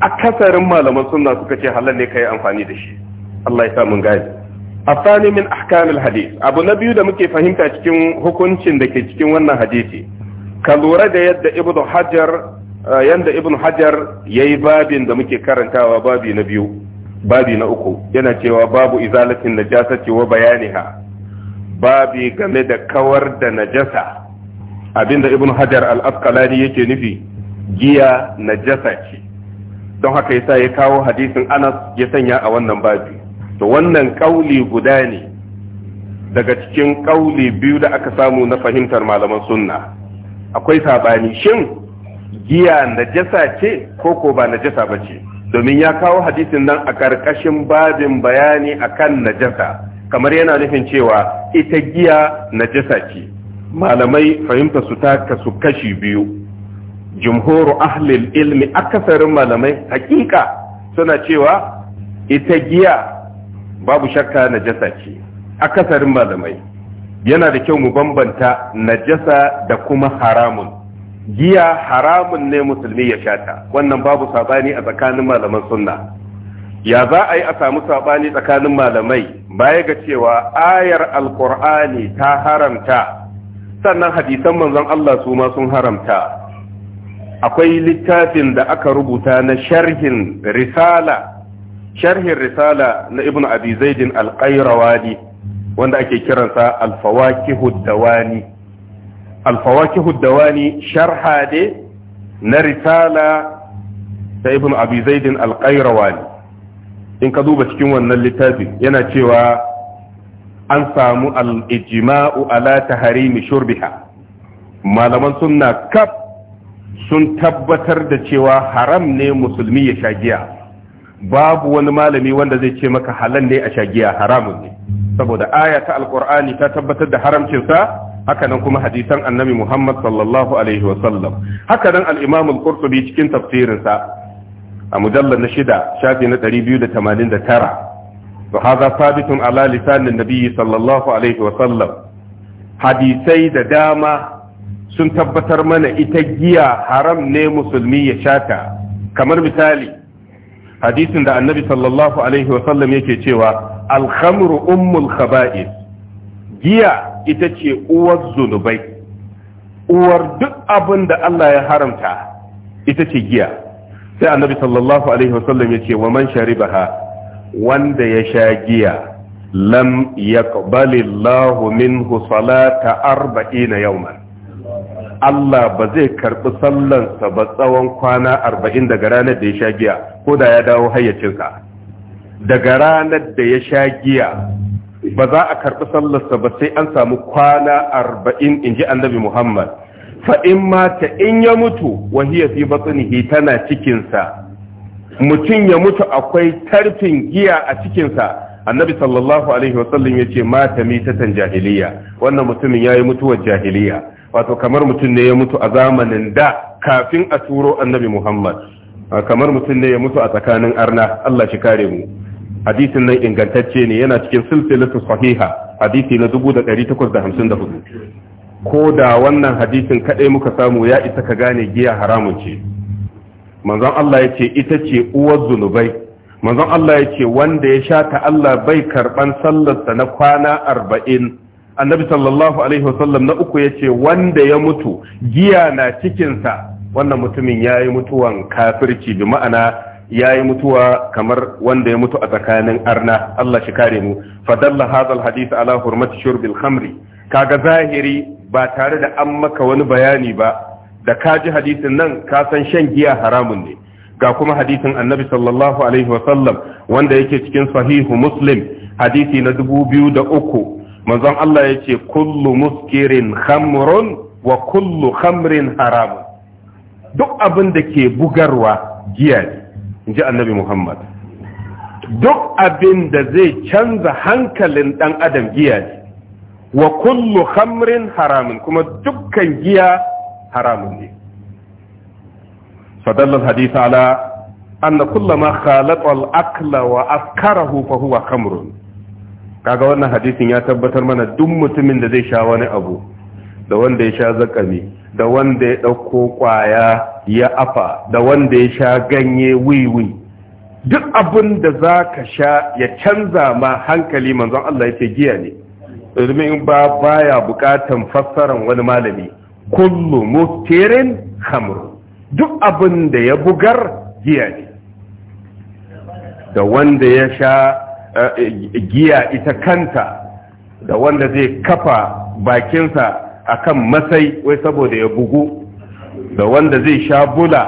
akasarin malaman sunna suka ce halal ne ka yi amfani da shi Allah ya sa mun gane الثاني من أحكام abu na biyu da muke fahimta cikin hukuncin da ke cikin wannan hadisi ka lura da yadda ibnu hajar eh, yanda ibnu yayi babin da muke karantawa babi na biyu babi na uku yana cewa babu izalatin najasati wa bayaniha babi game da kawar da najasa abinda ibnu hajar al-asqalani yake nufi giya najasa ce don haka yasa ya kawo hadisin Anas ya sanya a wannan babi to wannan kauli guda ne daga cikin kauli biyu da aka samu na fahimtar malaman sunna akwai sabani shin giya najasa ce ko ko ba jasa ba ce domin ya kawo hadisin nan a karkashin babin bayani a akan najasa kamar yana nufin cewa ita giya najasa ce malamai fahimta su ta kasu kashi biyu jumhuru ahlil ilmi akasarin malamai hakika suna cewa ita giya babu shakka najasa ce akasarin malamai yana da kyau mu bambanta najasa da kuma haramun giya haramun ne musulmi ya shata wannan babu sabani a tsakanin malaman sunna ya za a yi a samu saɓani tsakanin malamai baya ga cewa ayar alkur'ani ta haramta sannan hadisan manzon Allah su ma sun haramta akwai littafin da aka rubuta na sharhin risala sharhin risala na ibn abi zaidin alqairawani wanda ake kiransa Alfawaki dawani sharha de na risala ta ibn abi zaidin alqairawani in ka duba cikin wannan littafi yana cewa an samu Al'ijima'u, ijmau ala taharimi shurbiha malaman sunna kaf sun tabbatar da cewa haram ne musulmi ya sha giya babu wani malami wanda zai ce maka halal ne a shagiya haramun ne saboda aya ta alqur'ani ta tabbatar da haramcinsa hakanan kuma hadisan annabi Muhammad sallallahu alaihi wa sallam hakanan al-Imam al-Qurtubi cikin tafsirinsa a mujallar na shida shafi na 289 wa hadha thabitun ala lisan nabi sallallahu alaihi wa sallam hadisai da dama sun tabbatar mana ita giya haram ne musulmi ya shata kamar misali hadisin da annabi sallallahu alaihi wasallam yake cewa alhamru ummul khaba'is giya ita ce uwar zunubai uwar duk abin da Allah ya haramta ita ce giya sai annabi sallallahu alaihi wasallam ya ce wa man sharibaha wanda ya sha giya lam yaqbali Allahu minhu salata arba'ina yawman Allah ba zai karbi sallansa ba tsawon kwana arba'in daga ranar da ya sha giya ko da ya dawo hayyacinka daga ranar da ya sha giya ba za a karɓi sallarsa ba sai an samu kwana arba'in in ji annabi muhammad in mata in ya mutu wahiya fi batsinihi tana cikinsa mutum ya mutu akwai tarfin giya a cikinsa annabi sallallahu alaihi wasallam ya ce mata mitatan jahiliya wannan mutumin ya yi mutuwar jahiliya wato kamar mutum ne ya mutu a zamanin da kafin a turo annabi muhammad kamar mutum ne ya mutu a tsakanin arna Allah shi kare mu hadisin nan ingantacce ne yana cikin silsilatu sahiha hadisi na 1854 ko da wannan hadisin kadai muka samu ya isa ka gane giya haramun ce manzon Allah ya ita ce uwar zunubai manzon Allah ya wanda ya sha ta Allah bai karban sallarsa na kwana arba'in annabi sallallahu alaihi wasallam na uku ya ce wanda ya mutu giya na cikinsa wannan mutumin ya yi mutuwan kafirci bi ma'ana ya yi mutuwa kamar wanda ya mutu a tsakanin arna Allah shi kare mu fadalla hadal hadith ala hurmati shurbil khamri kaga zahiri ba tare da an maka wani bayani ba da ka ji hadisin nan ka san shan giya haramun ne ga kuma hadisin annabi sallallahu alaihi wa sallam wanda yake cikin sahihu muslim hadisi na dubu biyu da uku manzon Allah ya ce kullu muskirin khamrun wa kullu khamrin haramun duk abin da ke bugarwa giya ne in ji annabi muhammad duk abin da zai canza hankalin dan adam giya ne wa kullu khamrin haramin kuma dukkan giya haramun ne fadallar hadisa ala anna kullama khalata al-akla wa askara fa huwa khamrun kaga wannan hadisin ya tabbatar mana duk mutumin da zai sha wani abu da wanda ya sha zakami da wanda ya ɗauko ƙwaya ya afa da wanda ya sha ganye wiwi duk abin da za ka sha ya canza ma hankali manzon Allah ya ce giya ne domin ba baya bukatan fassaran wani malami kullu mutirin Hamru. duk abin da ya bugar giya ne da wanda ya sha eh, giya ita kanta da wanda zai kafa bakinsa akan masai wai saboda ya bugu da wanda zai sha bula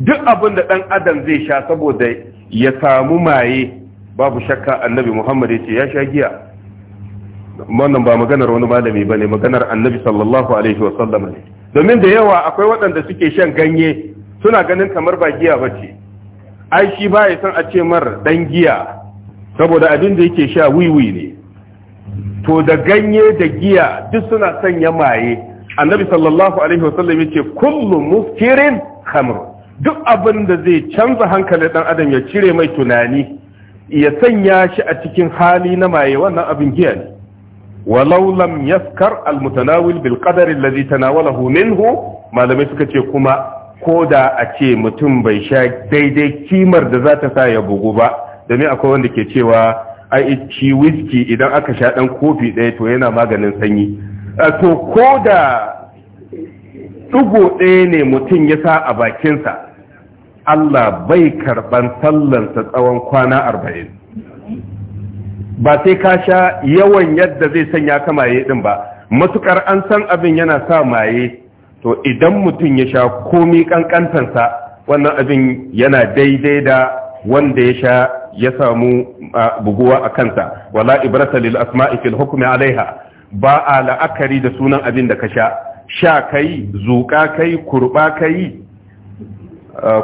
duk abin da ɗan adam zai sha saboda ya samu maye babu shakka annabi muhammad ya ce ya sha giya wannan ba maganar wani malami ba ne maganar annabi sallallahu alaihi wasallam ne domin da yawa akwai waɗanda suke shan ganye suna ganin kamar ba giya ba ce ai shi ba ya san a ce mar ɗan giya saboda abin da yake sha wiwi ne Ko da ganye da giya duk suna sanya maye annabi sallallahu alaihi wasallam yace kullu mufkirin khamr duk abin da zai canza hankalin dan adam ya cire mai tunani ya sanya shi a cikin hali na maye wannan abin giya ne walau lam yaskar almutanawil bil qadar alladhi tanawalahu minhu malamai suka ce kuma ko da a ce mutum bai sha daidai kimar da za ta sa ya bugu ba domin akwai wanda ke cewa ai ci wiski idan aka sha dan kofi ɗaya to yana maganin sanyi to ko da dugo ɗaya ne mutum ya sa a bakinsa Allah bai karɓan sallansa tsawon kwana arba'in ba sai ka sha yawan yadda zai sanya ka maye din ba matukar an san abin yana sa maye to idan mutum ya sha komi kankantansa wannan abin yana daidai da wanda ya sha ya samu buguwa a kansa wala ibrata lil asma'i fil hukmi alaiha ba a la'akari da sunan abin da ka sha sha kai zuƙa kai kurba kai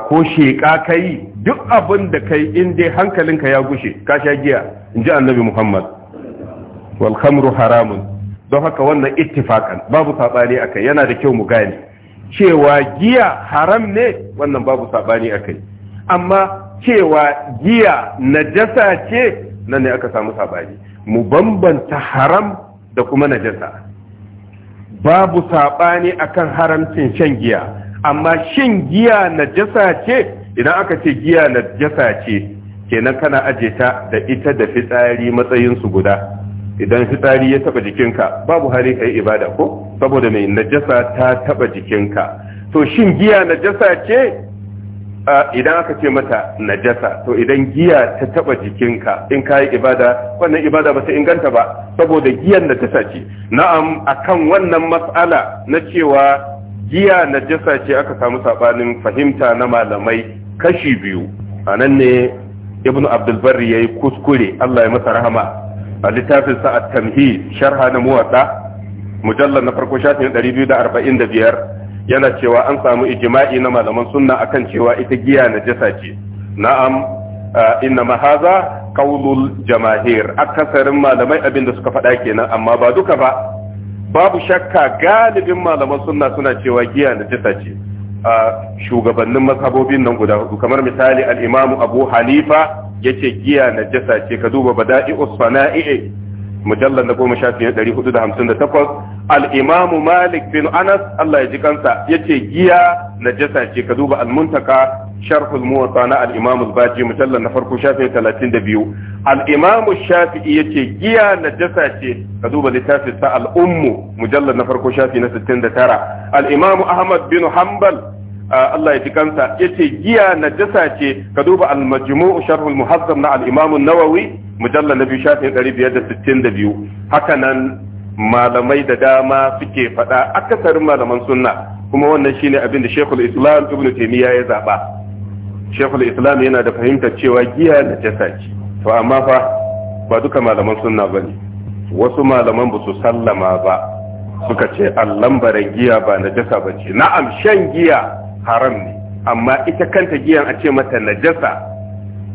ko sheka kai duk abin da kai in dai hankalinka ya gushe ka sha giya in ji annabi muhammad wal khamru haramun don haka wannan ittifakan babu saɓani akai yana da kyau mu gane cewa giya haram ne wannan babu sabani akai amma cewa giya najasa ce nan ne aka samu sabari mu bambanta haram da kuma najasa babu sabani akan haramcin shan giya amma shin giya najasa ce idan aka ce giya najasa ce kenan kana aje ta da ita da fitsari matsayin su guda idan fitsari ya taba jikinka babu hali kai ibada ko saboda mai najasa ta taba jikinka to shin giya najasa ce idan aka ce mata najasa to idan giya ta taba jikinka in kayi ibada wannan ibada ba ta inganta ba saboda giyan najasa ce na'am akan wannan matsala na cewa giya najasa ce aka samu sabanin fahimta na malamai kashi biyu anan ne Ibn abdul barri yayi kuskure Allah ya masa rahama a littafin sa at-tamhid sharha na muwatta mujallal na farko shafin 245 yana cewa an samu ijima'i na malaman sunna akan cewa ita giya najasa ce na'am inna ma qaulul jamahir. akasarin malamai abinda suka faɗa kenan amma ba duka ba babu shakka galibin malaman sunna suna cewa giya najasa ce a shugabannin mazhabobin nan guda hudu kamar misali al-imamu abu hanifa yace giya najasa ce ka duba bada'i usfana'i mujallal na goma sha biyar ɗari hudu da hamsin da takwas Al'imamu malik bin anas Allah ya ji kansa yace giya najasa ce ka duba al-muntaka sharh al-muwatta baji mujallal na farko shafi 32 al-imam shafi'i yace giya najasa ce ka duba littafin sa al-ummu mujallal na farko shafi na 69 al-imam ahmad bin hanbal ah, Allah ya ji kansa al na al na haka nan malamai da dama suke faɗa akasarin malaman sunna kuma wannan shine abin da Sheikhul Islam Ibn Taymiyyah ya zaba Sheikhul Islam yana da fahimtar cewa giya na jasa ce to amma fa ba duka malaman sunna bane wasu malaman ba su sallama ba suka ce allan baran giya ba na jasa bace na'am shan giya haram ne amma ita kanta giyan a ce mata najasa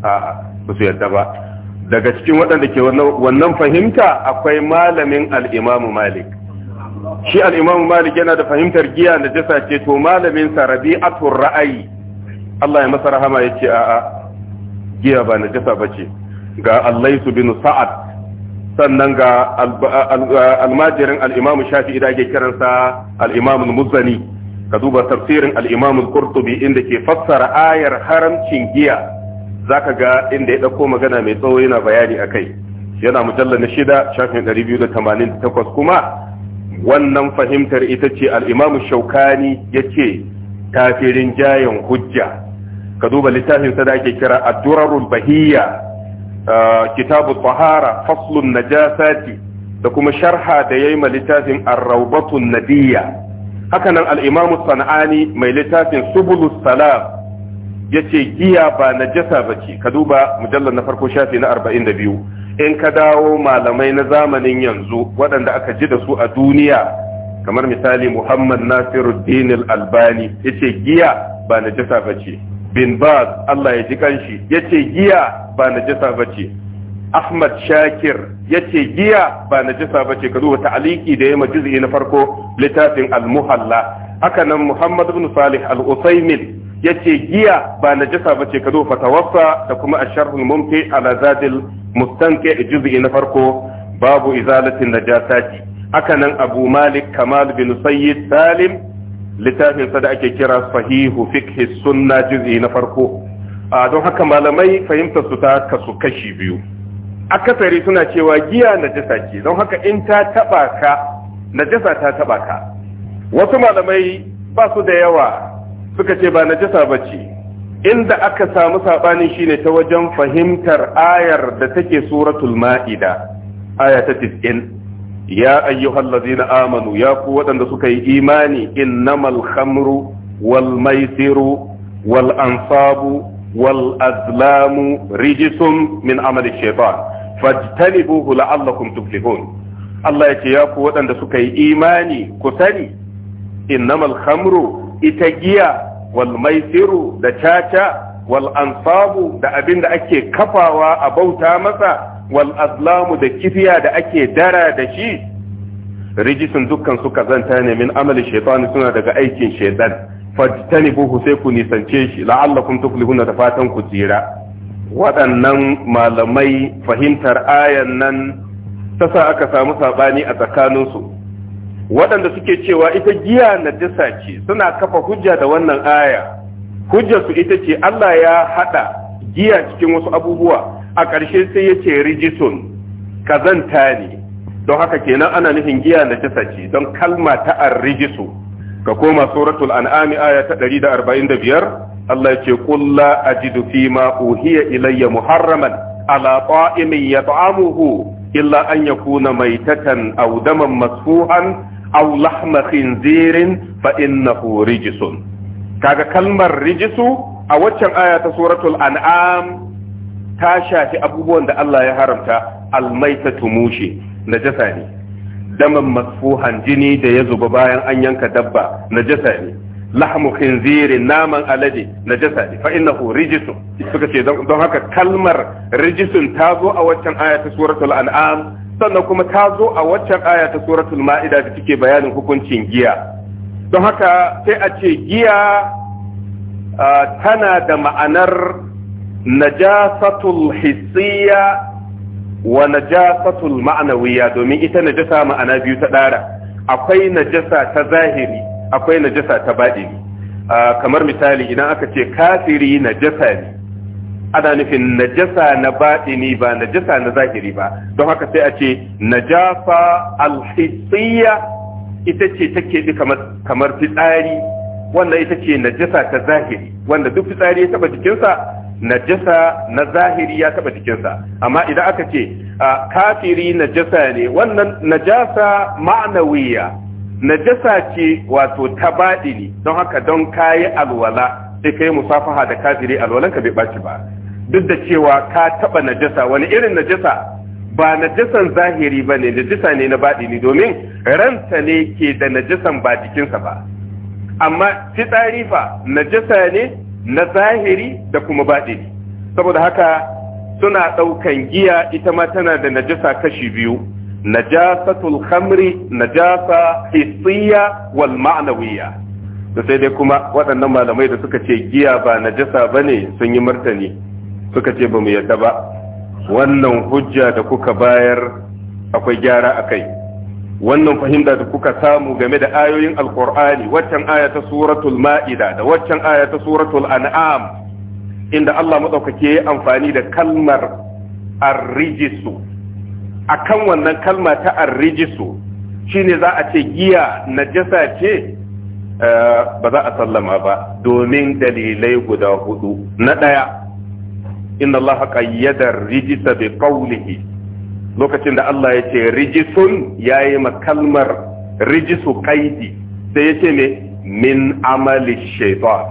a'a ba su yarda ba daga cikin waɗanda ke wannan fahimta akwai malamin al'imamu malik shi al'imamu malik yana da fahimtar giya da jasa ce to malamin sa a ra'ayi Allah ya masa rahama ya ce a'a giya ba na jasa ba ce ga allaisu bin sa'ad sannan ga almajirin al'imamu shafi ida ke kiransa al'imamu muzani ka duba tafsirin al'imamu kurtubi inda ke fassara ayar haramcin giya zaka ga inda ya ɗauko magana mai tsawo yana bayani a kai yana mujallar na shida shafin ɗari biyu da tamanin takwas kuma wannan fahimtar ita ce al'imamu shaukani ya ce kafirin jayan hujja ka duba littafin sa da ake kira addurarul bahiyya kitabu tahara faslun najasati da kuma sharha da yayi ma littafin arrabatun nadiyya hakanan al'imamu sana'ani sanani mai littafin subulus salam yace giya ba najasa bace ka duba mujallar na farko shafi na 42 in ka dawo malamai na zamanin yanzu waɗanda aka ji da su a duniya kamar misali Muhammad nasiru Al-Albani yace giya ba ba ce bin Baz Allah ya ji kanshi yace giya ba ba bace Ahmad Shakir yace giya ba jasa bace ka duba ta'aliki da ya juz'i na farko littafin Al-Muhalla haka nan Muhammad ibn Salih Al-Usaymin yace giya ba najasa bace ka zo fatawassa da kuma asharhul mumti ala zadil mustanqi juz'i na farko babu izalatin najasati haka abu malik kamal bin sayyid salim littafin sa da ake kira sahihu fiqh sunna juz'i na farko a don haka malamai fahimtar su ta kasu kashi biyu akasari suna cewa giya najasa ce don haka in ta taba ka najasa ta taba ka wasu malamai ba su da yawa suka ce ba najasa bace inda aka samu saɓani shine ta wajen fahimtar ayar da take suratul ma'ida aya ta 90 ya amanu ya ku waɗanda suka yi imani innamal khamru wal maisiru wal ansabu wal azlamu rijisun min amali shaitan fajtanibuhu la'allakum tuflihun Allah ya ce ya ku waɗanda suka yi imani ku sani innamal khamru ita giya wal maisiru da caca wal ansabu da abin da ake kafawa a bauta masa wal aslamu da kifiya da ake dara da shi rijisun dukkan su kazanta ne min amali shaitani suna daga aikin shaitan fajtanibuhu sai ku nisance shi la'allakum tuflihuna da fatan ku tsira waɗannan malamai fahimtar ayan nan ta sa aka samu saɓani a tsakaninsu waɗanda suke cewa ita giya najasa ce suna kafa hujja da wannan aya hujjarsu ita ce Allah ya haɗa giya cikin wasu abubuwa a ƙarshe sai ya ce rijisun kazanta ne don haka kenan ana nufin giya najasa ce don kalma ta arrijisu ka koma suratul an'ami aya ta 145 Allah ya ce qul la ajidu fi ma uhiya ilayya muharraman ala ta'imin yat'amuhu illa an yakuna maitatan aw daman masfuhan aw lahma khinzirin fa innahu rijsun kaga kalmar rijisu a waccan aya ta suratul an'am ta shafi abubuwan da Allah ya haramta almaitatu mushe najasa ne daman masfuhan jini da ya zuba bayan an yanka dabba najasa ne lahmu khinzirin naman alade najasa ne fa innahu rijisun suka ce don haka kalmar rijisun ta zo a waccan aya ta suratul an'am sannan kuma ta zo a waccan aya ta suratul ma'ida da take bayanin hukuncin giya don haka sai a ce giya tana da ma'anar najasatul hissiya wa najasatul ma'anawiya domin ita najasa ma'ana biyu ta ɗara akwai najasa ta zahiri akwai najasa ta baɗini kamar misali idan aka ce kafiri najasa ne ana nufin najasa na ne ba najasa na zahiri ba don haka sai a ce najafa alhissiyya ita ce take kamar fitsari wannan ita ce najasa ta zahiri wanda duk fitsari ya taɓa jikinsa najasa na zahiri ya taɓa jikinsa amma idan aka ce kafiri najasa ne wannan najasa ma'anawiya najasa ce wato ta baɗini don haka don kayi alwala sai kai musafaha da kafiri alwalanka bai ɓaci ba duk da cewa ka taba najasa wani irin najasa ba najasan zahiri ba ne najasa ne na baɗi ne domin ranta ne ke da najasan ba jikinsa ba amma fitsari fa najasa ne na zahiri da kuma ne saboda haka suna ɗaukan giya ita ma tana da najasa kashi biyu najasatul khamri najasa hissiya wal ma'nawiyya da sai dai kuma waɗannan malamai da suka ce giya ba najasa bane sun yi martani suka ce ba mu yadda ba wannan hujja da kuka bayar akwai gyara a kai wannan fahimta da kuka samu game da ayoyin alkur'ani waccan aya ta suratul ma'ida da waccan aya ta suratul an'am inda Allah maɗaukaki ya yi amfani da kalmar arrijisu kan wannan kalma ta arrijisu shine za a ce giya najasa ce eh, ba za a sallama ba domin dalilai guda hudu na ɗaya inna Allah qayyada rijisa bi qawlihi lokacin da Allah ya ce rijisun ma kalmar rijisu qaidi sai ya ce ne min amali shaytan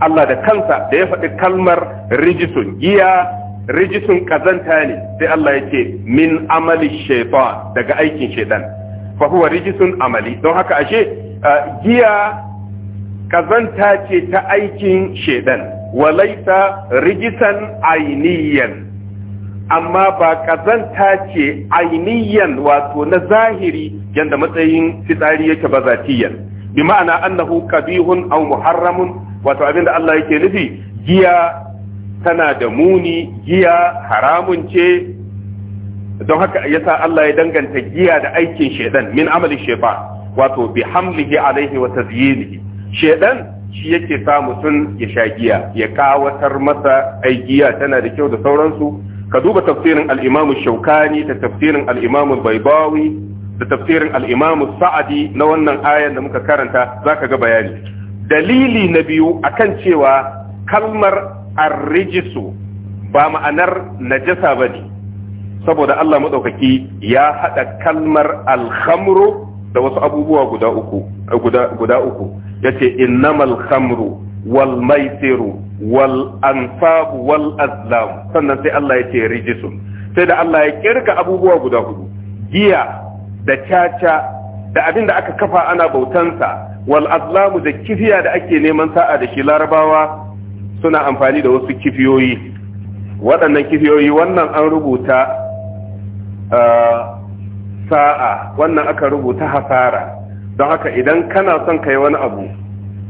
Allah da kansa da ya faɗi kalmar rijisun giya rijisun kazanta ne sai Allah ya ce min amali shaytan daga aikin shaiɗan. fa huwa rijisun amali don haka ashe ah, giya kazanta ce ta aikin shaiɗan. walaita rigisan ainiyan amma ba kazanta ce ainiyan wato na zahiri yadda matsayin fitsari yake ba zatiyan bi ma'ana annahu qabihun aw muharramun wato abinda Allah yake nufi giya tana da muni giya haramun ce don haka yasa Allah ya danganta giya da aikin shedan min amali shaytan wato bi hamlihi alaihi wa tazyinihi shedan shi yake sa mutum ya sha giya ya kawatar masa ai giya tana da kyau da sauransu ka duba tafsirin al-Imam Shaukani da tafsirin al-Imam Baibawi da tafsirin al Sa'adi na wannan ayar da muka karanta zaka ga bayani dalili na biyu akan cewa kalmar ar-rijisu ba ma'anar najasa bane saboda Allah madaukaki ya hada kalmar al-khamru da wasu abubuwa guda uku eh, guda uku yace innamal khamru wal maisiru wal anfab wal azlam sannan sai Allah yace rijisun sai da Allah ya kirka abubuwa guda hudu giya da caca da abin da aka kafa ana bautansa wal azlamu da kifiya da ake neman sa'a da shi larabawa suna amfani da wasu kifiyoyi waɗannan kifiyoyi wannan an rubuta ah, sa'a wannan aka rubuta hasara don haka idan kana son ka yi wani abu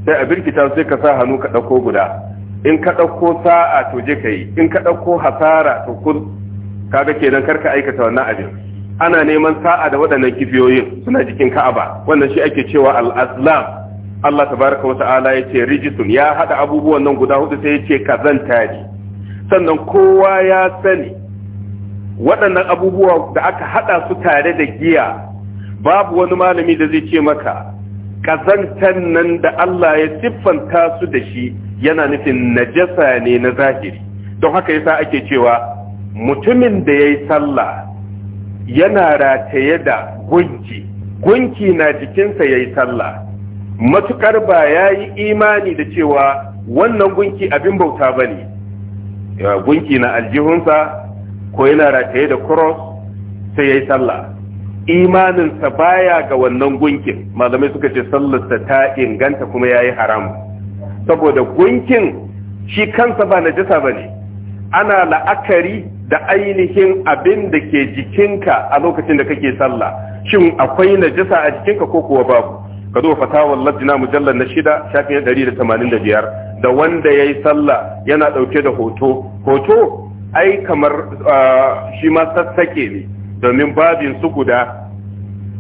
sai a birkita sai ka sa hannu ka ɗauko guda in ka ɗauko sa'a to je ka yi in ka ɗauko hasara to kun kaga ke kar karka aikata wannan abin ana neman sa'a da waɗannan kifiyoyin suna jikin ka'aba wannan shi ake cewa al-aslam Allah tabaraka wata'ala ya ce rijisun ya haɗa abubuwan nan guda hudu sai ya ce kazanta ne sannan kowa ya sani waɗannan abubuwa da aka haɗa su tare da giya babu wani malami da zai ce maka ƙazantar nan da Allah ya siffanta su da shi yana nufin najasa ne na zahiri don haka yasa ake cewa mutumin da ya yi sallah yana rataye da gunki gunki na jikinsa ya yi sallah matukar ba ya yi imani da cewa wannan gunki abin bauta ba ne gunki na aljihunsa ko yana rataye da cross sai yayi sallah imaninsa baya ga wannan gunkin malamai suka ce sallarsa ta inganta kuma yayi haram. saboda gunkin shi kansa ba najasa bane ana la'akari da ainihin abin da ke jikinka a lokacin da kake sallah shin akwai najasa a jikinka ko kuwa babu ka zo fatawar ladina mujallar na shida shafin 185 da wanda ya yi sallah yana ɗauke da hoto hoto ai kamar shi ma sassake ne domin babin su guda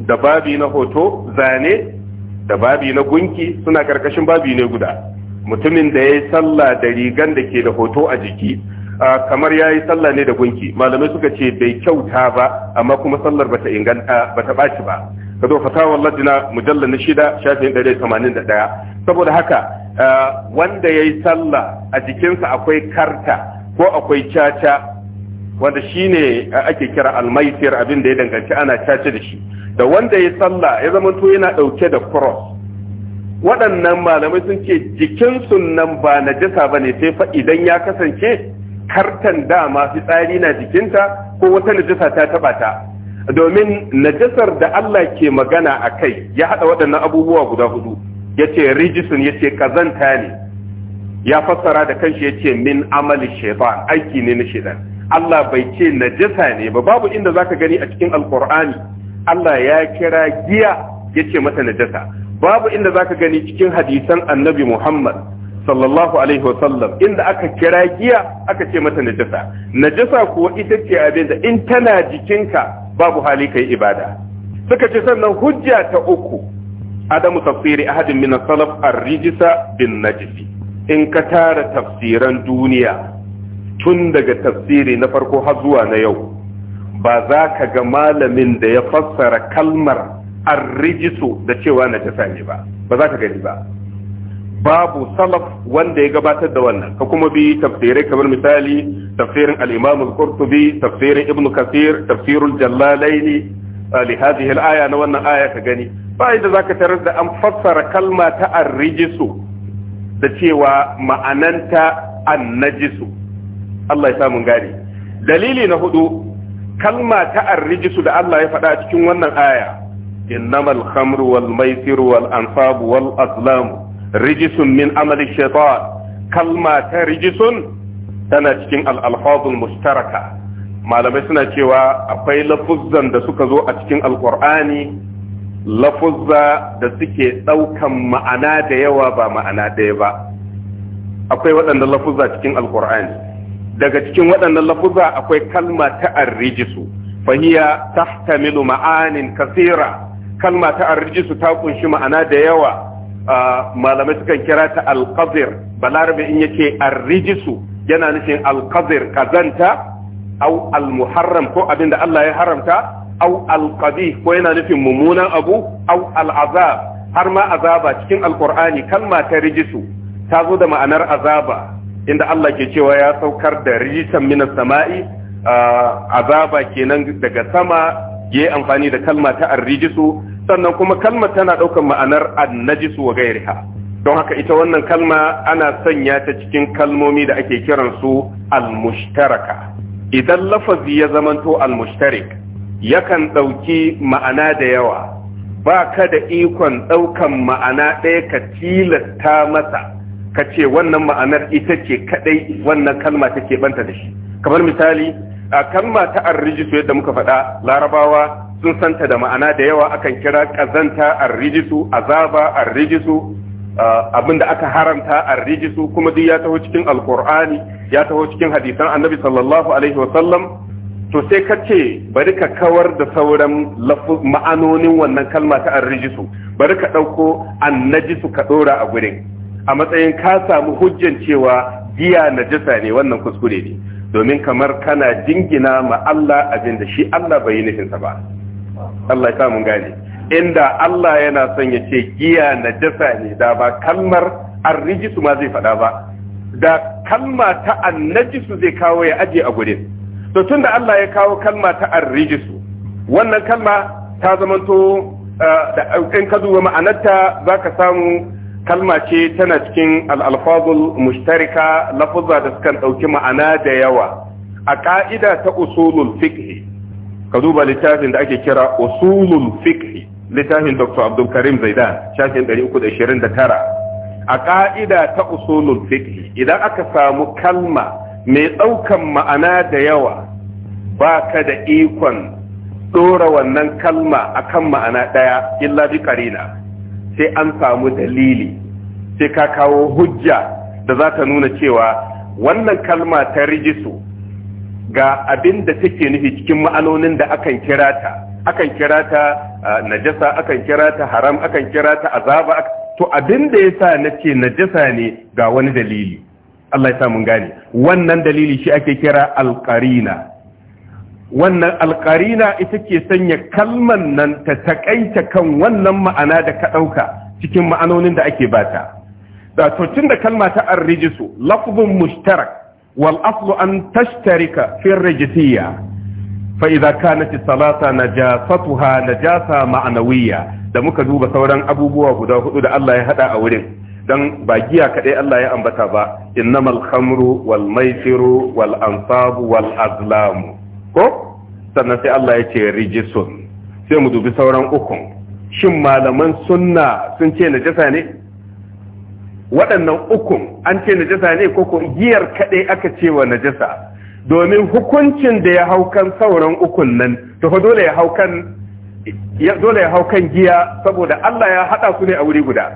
da babi na hoto zane da babi na gunki suna karkashin babi ne guda mutumin da ya yi sallah da rigan da ke da hoto a jiki kamar ya yi sallah ne da gunki malamai suka ce bai kyauta ba amma kuma sallar bata inganta bata ɓaci ba ka zo fatawar lajina mujallar na shida shafin ɗari tamanin da ɗaya saboda haka wanda ya yi sallah a jikinsa akwai karta ko akwai caca wanda shine ake kira almaitir abin da ya danganci ana caca da shi da wanda ya sallah ya zama to yana dauke da cross waɗannan malamai sun ce jikin sunnan ba na jasa bane sai fa idan ya kasance kartan dama fitsari na jikinta ko wata najasa ta taba ta domin najasar da Allah ke magana a kai ya haɗa waɗannan abubuwa guda hudu ya ce rijisun ya ce kazanta ne ya fassara da kanshi yace min amali shaytan aiki ne na shaytan Allah bai ce najasa ne ba babu inda zaka gani a cikin alqur'ani Allah ya kira giya yace mata najasa babu inda zaka gani cikin hadisan annabi Muhammad sallallahu alaihi wasallam inda aka kira giya aka ce mata najasa najasa kuwa ita ce abinda in tana jikinka babu hali kai ibada suka ce sannan hujja ta uku adamu tafsiri ahadin min salaf ar-rijsa bin najisi in ka tara tafsiran duniya tun daga tafsiri na farko har zuwa na yau ba za ka ga malamin da ya fassara kalmar arrijisu da cewa na ta sami ba ba za ka gani ba babu salaf wanda ya gabatar da wannan ka kuma bi tafsirai kamar misali tafsirin al-imam al-qurtubi tafsirin Ibn kathir tafsirul jallalaini ah, li hadhihi al-aya na wannan aya ka gani ba idan zaka tarar da an fassara kalma ta arrijisu da cewa ma'ananta annajisu Allah ya samu gane dalili na hudu kalma ta arrijisu da Allah ya faɗa cikin wannan aya innamal khamru wal maisir wal ansab wal azlam rijisun min amali shaitan kalma ta rijisun tana cikin al alfazul mustaraka malamai suna cewa akwai lafuzzan da suka zo a cikin alqur'ani lafuzza da suke ɗaukan ma'ana da yawa ba ma'ana ɗaya ba akwai waɗannan lafuzza cikin alkur'ani daga cikin waɗannan lafuzza akwai kalma ta arrijisu fahiya tahtamilu ma'anin kasira kalma ta arrijisu ta kunshi ma'ana da yawa malamai sukan kira ta alqazir balarabe in yake arrijisu yana nufin alqazir kazanta au almuharram ko da Allah ya haramta au alqabi ko yana nufin mummunan abu au al'azab har ma azaba cikin alqur'ani kalma ta rijisu ta zo da ma'anar azaba inda Allah ke cewa ya saukar da rijisan minas sama'i azaba kenan daga sama ya amfani da kalma ta arrijisu sannan kuma kalma tana ɗaukar ma'anar annajisu wa gairiha don haka ita wannan kalma ana sanya ta cikin kalmomi da ake kiransu almushtaraka idan lafazi ya zamanto almushtarik yakan ɗauki ma'ana da yawa ba ka da ikon ɗaukan ma'ana ɗaya ka tilasta masa ka ce wannan ma'anar ita ce kaɗai wannan kalma take banta da shi kamar misali a kalma ta arrijisu yadda muka faɗa larabawa sun santa da ma'ana da yawa akan kira ƙazanta arrijisu azaba arrijisu abinda aka haramta arrijisu kuma duk ya taho cikin alkur'ani ya taho cikin hadisan annabi sallallahu alaihi wasallam to sai ka ce bari ka kawar da sauran ma'anonin wannan kalma ta arrijisu bari ka ɗauko annajisu ka ɗora a gurin a matsayin ka samu hujjan cewa giya najasa ne wannan kuskure ne domin kamar kana jingina ma Allah abin da shi Allah bai yi nufinsa ba Allah ya gane inda Allah yana son ya ce giya najasa ne da ba kalmar arrijisu ma zai faɗa ba da kalma ta annajisu zai kawo ya aje a gurin to da Allah ya kawo kalma ta arrijisu wannan kalma ta zamanto eh, in ka duba ma'anarta za ka samu kalma ce tana cikin al'alfazul mushtarika lafuzza da sukan ɗauki ma'ana da yawa a ƙa'ida ta usulul fiqh ka duba littafin da ake kira usulul fiqh littafin dr abdul karim zaidan shafin 329 a ƙa'ida ta usulul fiqh idan aka samu kalma mai ɗaukan ma'ana da yawa ba ka da ikon ɗora wannan kalma akan ma'ana ɗaya illa bi karina sai an samu dalili sai ka kawo hujja da za ta nuna cewa wannan kalma ta rijisu ga abin da take nufi cikin ma'anonin da akan kira ta akan kira ta najasa akan kira ta haram akan kira ta azaba to abin da ya sa na ce najasa ne ga wani dalili Allah ya sa mun gane wannan dalili shi ake kira alƙarina wannan alƙarina ita ke sanya kalman nan ta takaita kan wannan ma'ana da ka ɗauka cikin ma'anonin da ake bata da tun da kalma ta arrijisu lafzun mushtarak wal aslu an tashtarika fi rijisiyya fa idza kanat salata na najasa ma'anawiyya da muka duba sauran abubuwa guda hudu da Allah ya hada a wurin dan ba giya kaɗai Allah ya ambata ba innamal khamru wal maisiru wal ansabu wal azlamu ko sannan sai Allah ya ce rijisun sai mu dubi sauran ukun shin malaman sunna sun ce na jasa ne waɗannan ukun an ce na jasa ne ko ko giyar kaɗai aka ce wa na jasa? domin hukuncin da ya hau kan sauran ukun nan to fa dole ya hau kan dole ya hau giya saboda Allah ya haɗa su ne a wuri guda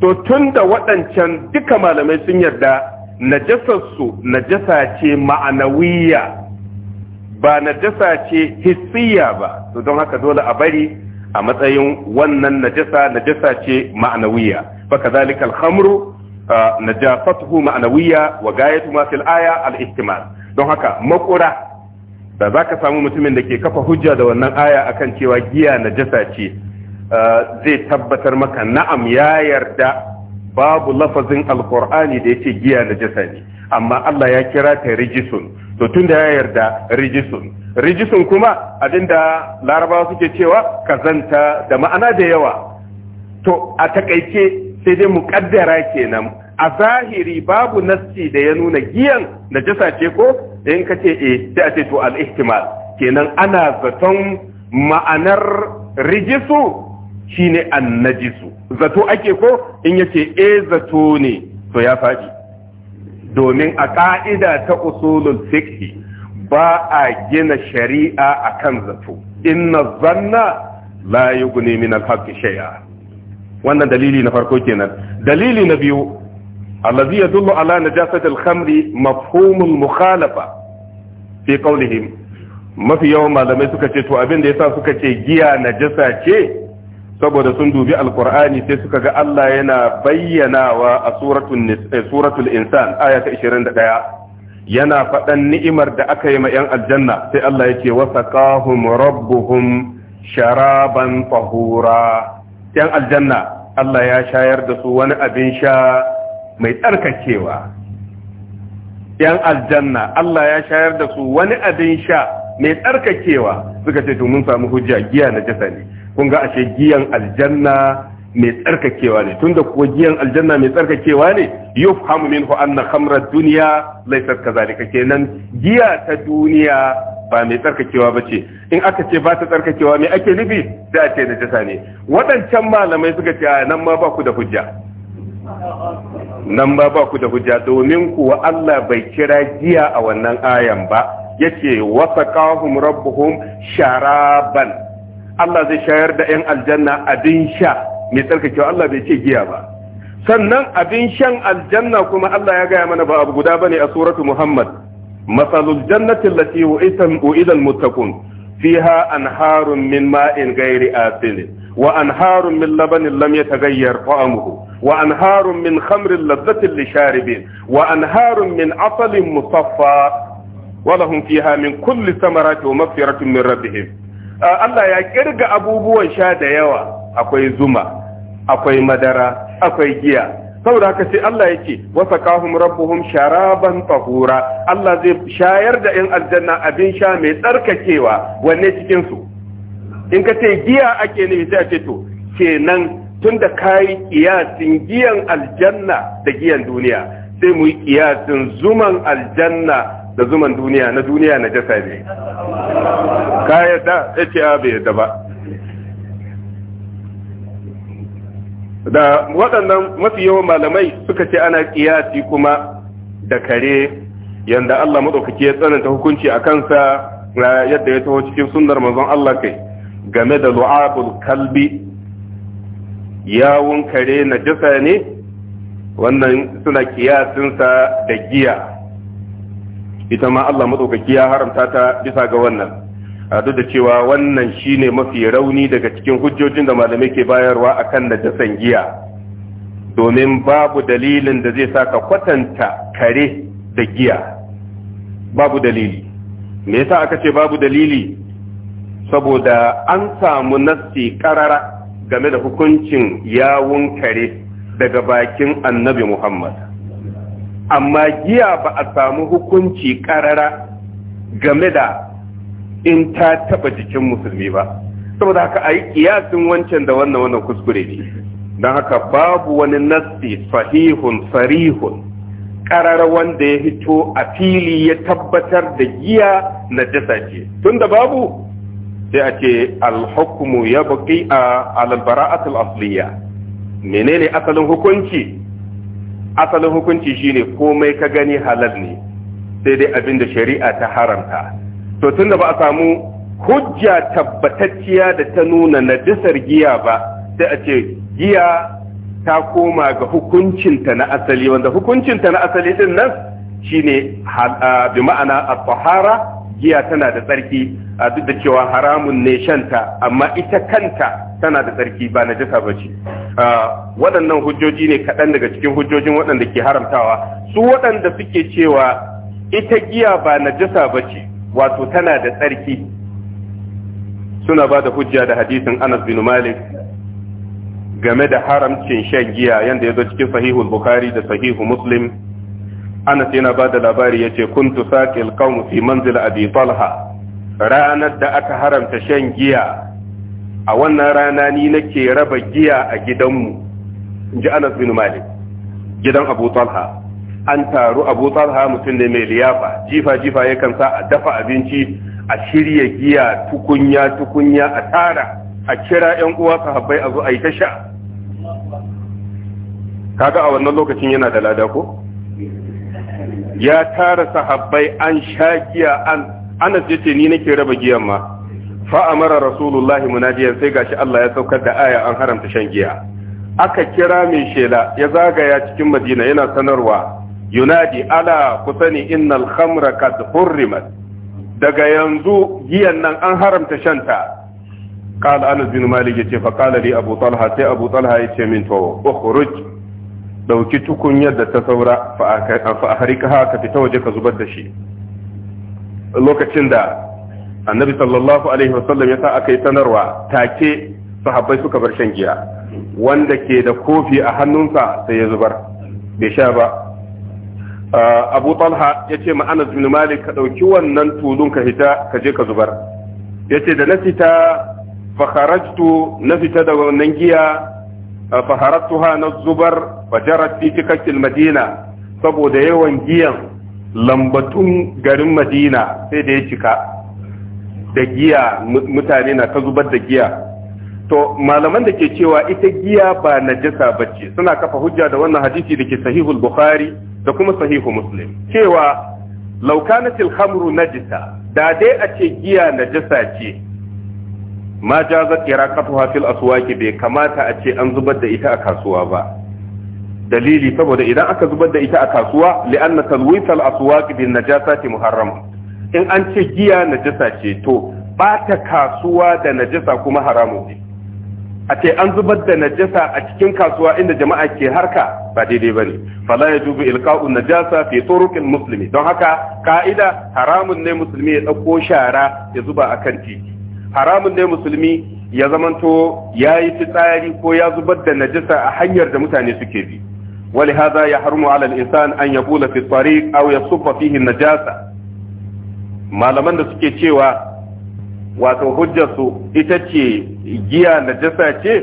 to tun da waɗancan duka malamai sun yarda najasarsu najasa ce ma'anawiyya. ba najasa ce hissiya ba to don haka dole a bari a matsayin wannan najasa najasa ce ma'anawiya fa kadhalika al-khamru najasatuhu ma'anawiya wa gayatu ma fil aya al-ihtimal don haka makura da zaka samu mutumin da ke kafa hujja da wannan aya akan cewa giya najasa ce zai tabbatar maka na'am ya yarda babu lafazin alqur'ani da yace giya najasa ne amma Allah ya kira ta rijisun to tun da ya yarda rijisun rijisun kuma abinda larabawa suke cewa kazanta da ma'ana da yawa to a takaice sai dai muƙaddara kenan a zahiri babu nassi da ya nuna giyan najasa ce ko da in kace eh sai a ce to al ihtimal kenan ana zaton ma'anar rijisu shine annajisu zato ake ko in yace eh zato ne to ya faɗi domin a ƙa'ida ta usulul fiqh ba a gina shari'a akan zato inna zanna la min al shay'a wannan dalili na farko kenan dalili na biyu allazi yadullu ala najasati alhamri mafhumul mukhalafa fi qawlihim mafi yawan malamai suka ce to abin da yasa suka ce giya najasa ce saboda sun dubi alkur'ani sai suka ga Allah yana bayyanawa a suratul eh, insan aya ta 21 yana faɗan ni'imar da aka yi ma 'yan aljanna sai Allah ya ce wasaqahum rabbuhum sharaban tahura 'yan aljanna Allah ya shayar da su wani abin sha mai tsarkakewa 'yan aljanna Allah ya shayar da su wani abin sha mai tsarkakewa suka ce to mun samu hujja giya na jasa ne kun ga ashe giyan aljanna mai tsarkakewa ne tunda kuwa giyan aljanna mai tsarkakewa ne yufhamu minhu anna khamra duniya laysat kazalika kenan giya ta duniya ba mai tsarkakewa ba ce in aka ce ba ta tsarkakewa me ake nufi da a ce najasa ne waɗancan malamai suka ce nan ma ba ku da hujja nan ba ba ku da hujja domin kuwa Allah bai kira giya a wannan ayan ba yace wasaqahum rabbuhum sharaban Allah zai shayar da 'yan aljanna abin sha mai tsarkakewa Allah bai ce giya ba sannan abin shan aljanna kuma Allah ya gaya mana ba abu guda bane a suratu Muhammad masalul jannati allati wu'ida muttaqun fiha anharun min ma'in ghairi asin wa anharun min labanin lam yataghayyar ta'amuhu wa anharun min khamrin ladhatin lisharibin wa anharun min asalin musaffa wa lahum fiha min kulli thamarati wa maghfiratun min rabbihim Allah ya kirga abubuwan sha da yawa akwai zuma akwai madara akwai giya saboda haka sai Allah yake wasa kahum rabbuhum sharaban tahura Allah zai shayar da yan aljanna abin sha mai tsarkakewa wanne cikin su in ka ce giya ake nufi sai a ce to kenan tunda kai kiyasin giyan aljanna da giyan duniya sai mu yi kiyasin zuman aljanna da zuman duniya na duniya na jasa ne ka yadda ya ce bai yadda ba da waɗannan mafi yawan malamai suka ce ana ƙiyasi kuma da kare Yadda Allah maɗaukaki ya tsananta hukunci a kansa yadda ya taho cikin sunnar manzon Allah kai game da lu'abul kalbi yawun kare na jasa ne wannan suna ƙiyasinsa da giya ita ma Allah matsaukaki ya haramta ta bisa ga wannan a duk da cewa wannan shine mafi rauni daga cikin hujjojin da malamai ke bayarwa akan da najasan giya domin babu dalilin da zai saka kwatanta kare da giya babu dalili me yasa aka ce babu dalili saboda an samu nassi karara game da hukuncin yawun kare daga bakin annabi Muhammad amma giya ba a samu hukunci karara game da in ta taba jikin musulmi ba saboda haka a yi kiyasin wancan da wannan wannan kuskure ne don haka babu wani nassi sahihun farihun. karara wanda ya hito a fili ya tabbatar da giya na dasa ce da babu sai a ce alhukumu ya baki a albara'atul asliya menene asalin hukunci asalin hukunci shine komai ka gani halal ne sai dai abin da shari'a ta haramta to tun da ba a samu hujja tabbatacciya da ta nuna na najisar giya ba sai a ce giya ta koma ga hukuncinta na asali wanda hukuncinta na asali din nan shine bi ma'ana a tahara giya tana da tsarki a duk da cewa haramun ne shanta amma ita kanta tana da tsarki ba na jasa bace waɗannan hujjoji ne kaɗan daga cikin hujjojin waɗanda ke haramtawa su waɗanda suke cewa ita giya ba na jasa bace wato tana da tsarki suna ba da hujja da hadisin anas bin malik game da haramcin shan giya yadda ya zo cikin sahihul bukhari da sahihu muslim anas yana ba da labari ya ce tu saƙil qawm fi manzil abi talha ranar da aka haramta shan giya a wannan rana ni nake raba giya a gidanmu in ji anas bin malik gidan abu talha an taru abu talha mutum ne mai liyafa jifa jifa yakan sa a dafa abinci a shirya giya tukunya tukunya a tara a kira yan uwa sahabbai a zo a yi ta sha kaga a wannan lokacin yana da lada ko ya tara sahabbai an sha giya an anas yace ni nake raba giyan ma fa amara rasulullahi munadiyan sai gashi Allah ya saukar da aya an haramta shan giya aka kira mai shela ya zagaya cikin madina yana sanarwa yunadi ala ku innal khamra kad hurrimat daga yanzu giyan nan an haramta shanta قال انس بن مالك يتي فقال لي sai طلحه سي ابو ya ce min to اخرج dauki tukunyar da ta saura fa harikaha ka fita waje ka zubar da shi lokacin da annabi sallallahu alaihi wasallam ya sa aka yi sanarwa take sahabbai suka bar shan giya wanda ke da kofi a hannunsa sai ya zubar bai sha ba abu talha ya ce ma'anar bin malik ka ɗauki wannan tulun ka hita ka je ka zubar ya ce da na fita fa kharajtu na fita da wannan giya faharattuha na zubar في fi cikakken madina saboda yawan giyan lambatun garin madina sai da ya cika da giya mutane zubar da giya to malaman da ke cewa ita giya ba najasa bace suna kafa hujja da wannan hadisi da ke sahihul bukhari da kuma sahihu muslim cewa laukanatil khamru najisa da dai a ce giya najasa ce ma jazat iraqatuha fil aswaqi bai kamata a ce an zubar da ita a kasuwa ba dalili saboda idan aka zubar da ita a kasuwa li'anna talwit al aswaq bin najasati muharram in an ce giya najasa ce to bata kasuwa da najasa kuma haramu ne a ce an zubar da najasa a cikin kasuwa inda jama'a ke harka ba daidai ba ne, fala ya dubi ilqa'u najasa fi turuqil musulmi don haka ka'ida haramun ne musulmi ya dauko shara ya zuba akan titi haramun ne musulmi ya zamanto ya yi fitsari ko ya zubar da najasa a hanyar da mutane suke bi wali haza ya harmu alal insan an ya bula fi tariq ya yasuffa fihi najasa malaman da suke cewa wato hujjarsu ita ce giya najasa ce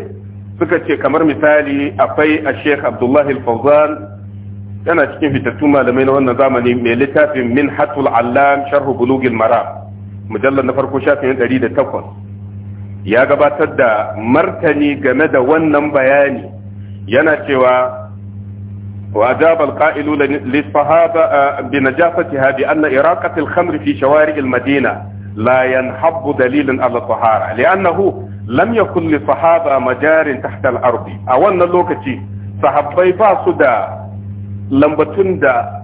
suka ce kamar misali akwai a sheikh abdullahi al-fawzan yana cikin fitattun malamai na wannan zamani mai littafin min hatul allam sharhu bulugil maram mujallar na farko shafin 108 ya gabatar da martani game da wannan bayani yana cewa وأجاب القائل للصحابة بنجاستها بأن إراقة الخمر في شوارع المدينة لا ينحب دليل على الطهارة لأنه لم يكن للصحابة مجار تحت الأرض أولا لوكتي صحابي باسدا لم بتند